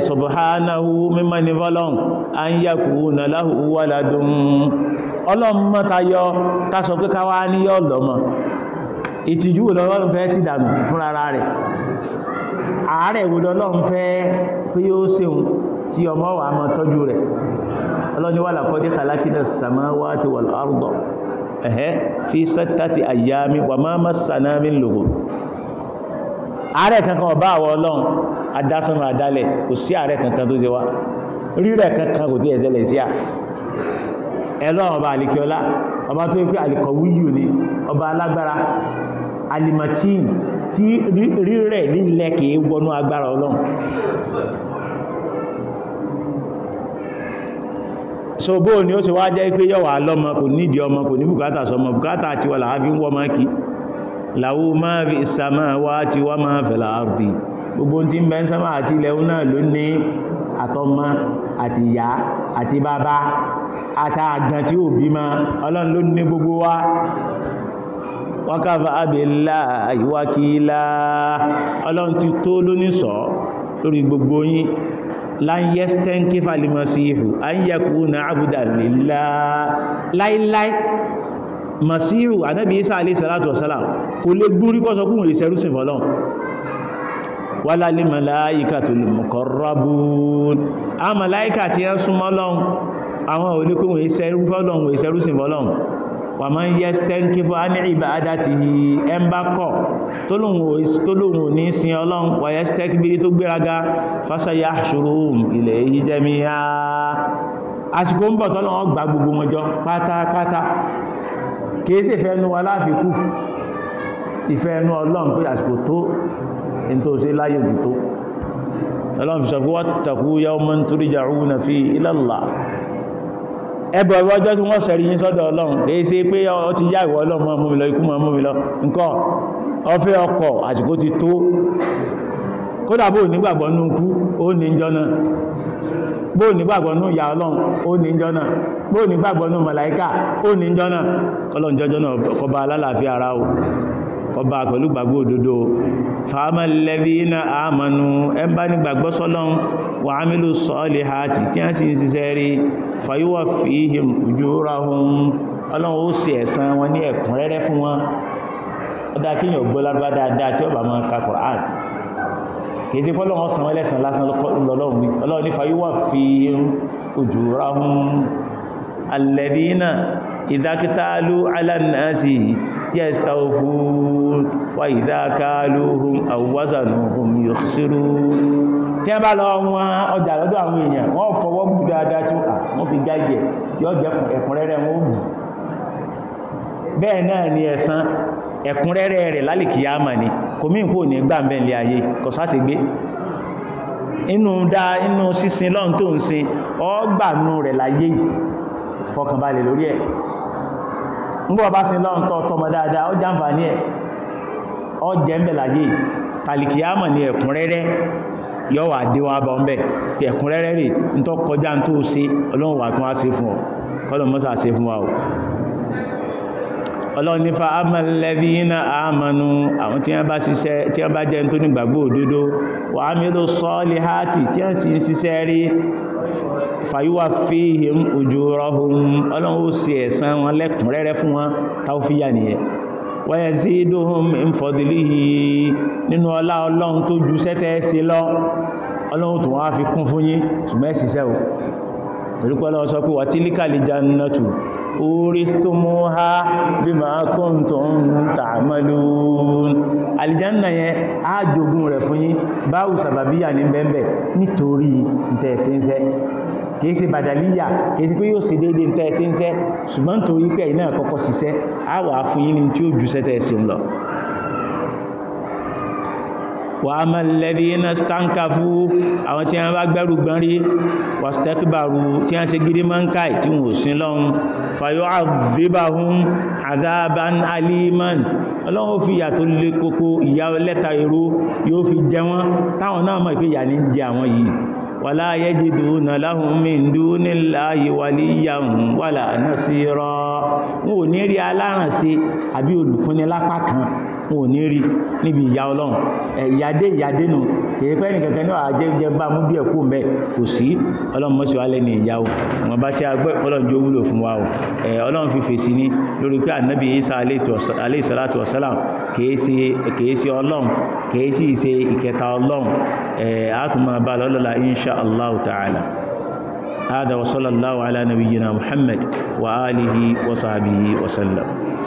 subhanahu mímọ́ ní a ń yàkù nà láhù wàládùn ọlọ́ni wà làkọ́dé kàlákìdà sàmáwá ti wà lárùdọ̀ ẹ̀hẹ́ fi sẹ́tàtì àyàmí wà máa má sànámi lògùn ààrẹ kankan ọba àwọ ọlọ́run adásánà àdálẹ̀ kò sí ààrẹ kankan tó ṣe wá rírẹ̀ kankan kò tí ẹ̀ ṣẹlẹ̀ sí à ẹlọ́run ọba àlìkíọlá ọba tó yẹ pé àlìkọ̀wúyù ni ọba alágbára alimatin tí rírẹ̀ lílẹ̀ kìí wọnú agbára ọlọ́run so bó ni ó ṣe wá jẹ́ pé yọ́wà lọ́mọ kò nídi ọmọ kò ní bùkátà sọmọ bùkátà àti wà láàá fi ń wọ́mọ kí láwú máa fi ìsàmà wá ti wá máa fẹ̀lá àrùtì gbogbo tí ń bẹ ń sánmà àti ilẹ̀ náà ló ní àtọmọ àti ìyá àti bàbá àtàgàn tí ó bí ma ọlọ́run ló ní gbogbo wa wákàfà abẹ́lá àyíwákìlá ọlọ́run ti tó lónìí sọ lórí gbogbo yín láyẹ́stẹ́n kí falimọ̀ sí ihù ayyẹkù na àbúdà lílá láíláí masiru anábi isa alayhi salatu wasalam kò lè gúrí kọ́ sọ kúrò ìṣẹ́rúsìn fọ́lọ́n wala lil malaikatul muqarrabun a màláíkà ti ẹ́ súnmọ́lọ́n àwọn olókòwò ìṣẹ́rúsìn fọ́lọ́n wà máa ń yẹ stẹ́ńkífọ́ á ní ìbá adáti ẹmbá kọ̀ tó lóhun ní sin ọlọ́run wàyẹ stẹ́ńkífìrí tó gbéraga fásayà ṣòrohùn ilẹ̀ èyí jẹ́mi àsìkò ń bọ̀ tọ́lọ́wọ́ gba gbogbo wọn pátápátá ẹbọ̀ ọjọ́ tí wọ́n sẹ̀rí yí sọ́dọ̀ ọlọ́run èyí ṣe pé ọ ti yá ìwọ̀ ọlọ́run mọ́ múmi lọ ikú mọ́ múmi lọ nǹkan ọfẹ́ ọkọ̀ àsìkò ti tó kódà nígbàgbọ́ nú ó ní jọ́nà bóò nígbàgbọ́ nú ìyá ọlọ́run ó ní jọ́nà nígbàgbọ́ nú ọba pẹ̀lú gbàgbọ́ òdodo fàámà lẹ́bí iná àmànú ẹmbá ní gbàgbọ́ sọ́lọ́n wà ámìlú sọ́ọ̀lẹ̀ àti tí a sì ń ṣiṣẹ́ rí fàyíwọ̀ fi ihìm ojú ra ohun ọlọ́run ó sì ẹ̀san wọn ní ẹ̀kúnrẹ́rẹ́ fún wọn ó dá kí yàn gbọ́ lárúbá dáadáa tí ó máa ka Qur'an kìí sí pọ́lọ́run ọ̀sán ẹlẹ́sàn lásán yastawfun wa idha kaluhum tí a bá lọ wọn ọjà lọ́dọ̀ àwọn èèyàn wọ́n fọwọ́ bù dáadáa tí wọ́n fi jáde yóò jẹ́ ẹ̀kúnrẹ́rẹ́ wọn bù bẹ́ẹ̀ náà ni ẹ̀san ẹ̀kúnrẹ́rẹ́ rẹ̀ ni kò mí kò ní ayé gbé inú inú sísin lọ́n tó ń sin rẹ̀ láyé fọkànbalẹ̀ lórí ẹ̀ ngbọ́ bá sin lọ́run tọ́ tọmọ dáadáa ó jàǹfà ní ẹ̀ ọ jẹ́ ń bẹ̀ láyé tàlìkìyàmọ̀ ni ẹ̀kúnrẹ́rẹ́ yọ wà dé wá bọ́ ń bẹ̀ ẹ̀kúnrẹ́rẹ́ rè ń tọ́ kọjá ń tó ṣe ọlọ́run wà tún wá ṣe fún ọ ọlọ́run nífa amọ̀lẹ́bí iná àmọ́nu àwọn tí wọ́n bá ṣiṣẹ́ tí wọ́n bá jẹ́ tó nígbàgbọ́ òdodo wà á mílò sọ́ọ̀lì hátì tí wọ́n sì ń ṣiṣẹ́ rí fàyíwá fíhìm ojú rọ́hùn ọlọ́run ó sì ẹ̀san wọn lẹ́kùnrẹ́rẹ́ fún wọn táwọ́fíyà nìyẹn wọ́n yẹ sí dóhùn ìfọ̀dìlì yìí nínú ọlá ọlọ́run tó ju sẹ́tẹ́ sí lọ ọlọ́run tó uristumuha bima kuntum ta'malun àlìjánà yẹn á jogún rẹ̀ fún yín báwù sàbàbíyà ní bẹ́ẹ̀bẹ̀ nítorí ìtẹ̀ẹ̀sẹ́nsẹ́ kìí ṣe bàdàlíyà kìí ṣe pé yóò ṣe déédéé ìtẹ̀ẹ̀sẹ́nsẹ́ ṣùgbọ́n torí pé náà kọ́kọ́ wà fún yín ní tí ó lọ wà á mẹ́lẹ́rí iná stanka fún àwọn tí wọ́n bá gbẹ́rù gbọ́n rí wà stekbaru tí wọ́n ṣe gidi máa ń káì tí wọ́n sí lọ́hun fayọ́ àdébáhún àdábán aliman ọlọ́run fi ìyà tó kókó ìyà lẹ́ta èrò yóò fi jẹ wọ́n táwọn náà mọ̀ pé ìyà ní jẹ àwọn yìí wàlá yẹ́jìdò nà láhùn mìndú nílá ìwàlí yàhùn wàlá nasira wọn ò ní rí alárànṣe àbí olùkúnni lápá kan wọn ò ní rí níbi ìyá ọlọ́run ìyádé ìyádé nù kìí pẹ́ nìkankan ní àjẹ́ jẹ́ bá mú bí ẹ̀kú mẹ́ kò sí ọlọ́run mọ́sí wa lẹ́ni ìyá o wọn bá tí a gbẹ́ ọlọ́run jó wúlò fún wa o ọlọ́run fi fèsì ní lórí pé ànábì Isa alayhi salatu wassalam kìí sí ọlọ́run kìí sí ìṣe ìkẹta ọlọ́run àtùmọ̀ bá lọ́lọ́la insha Allah ta'ala هذا وصلى الله على نبينا محمد وآله وصحبه وسلم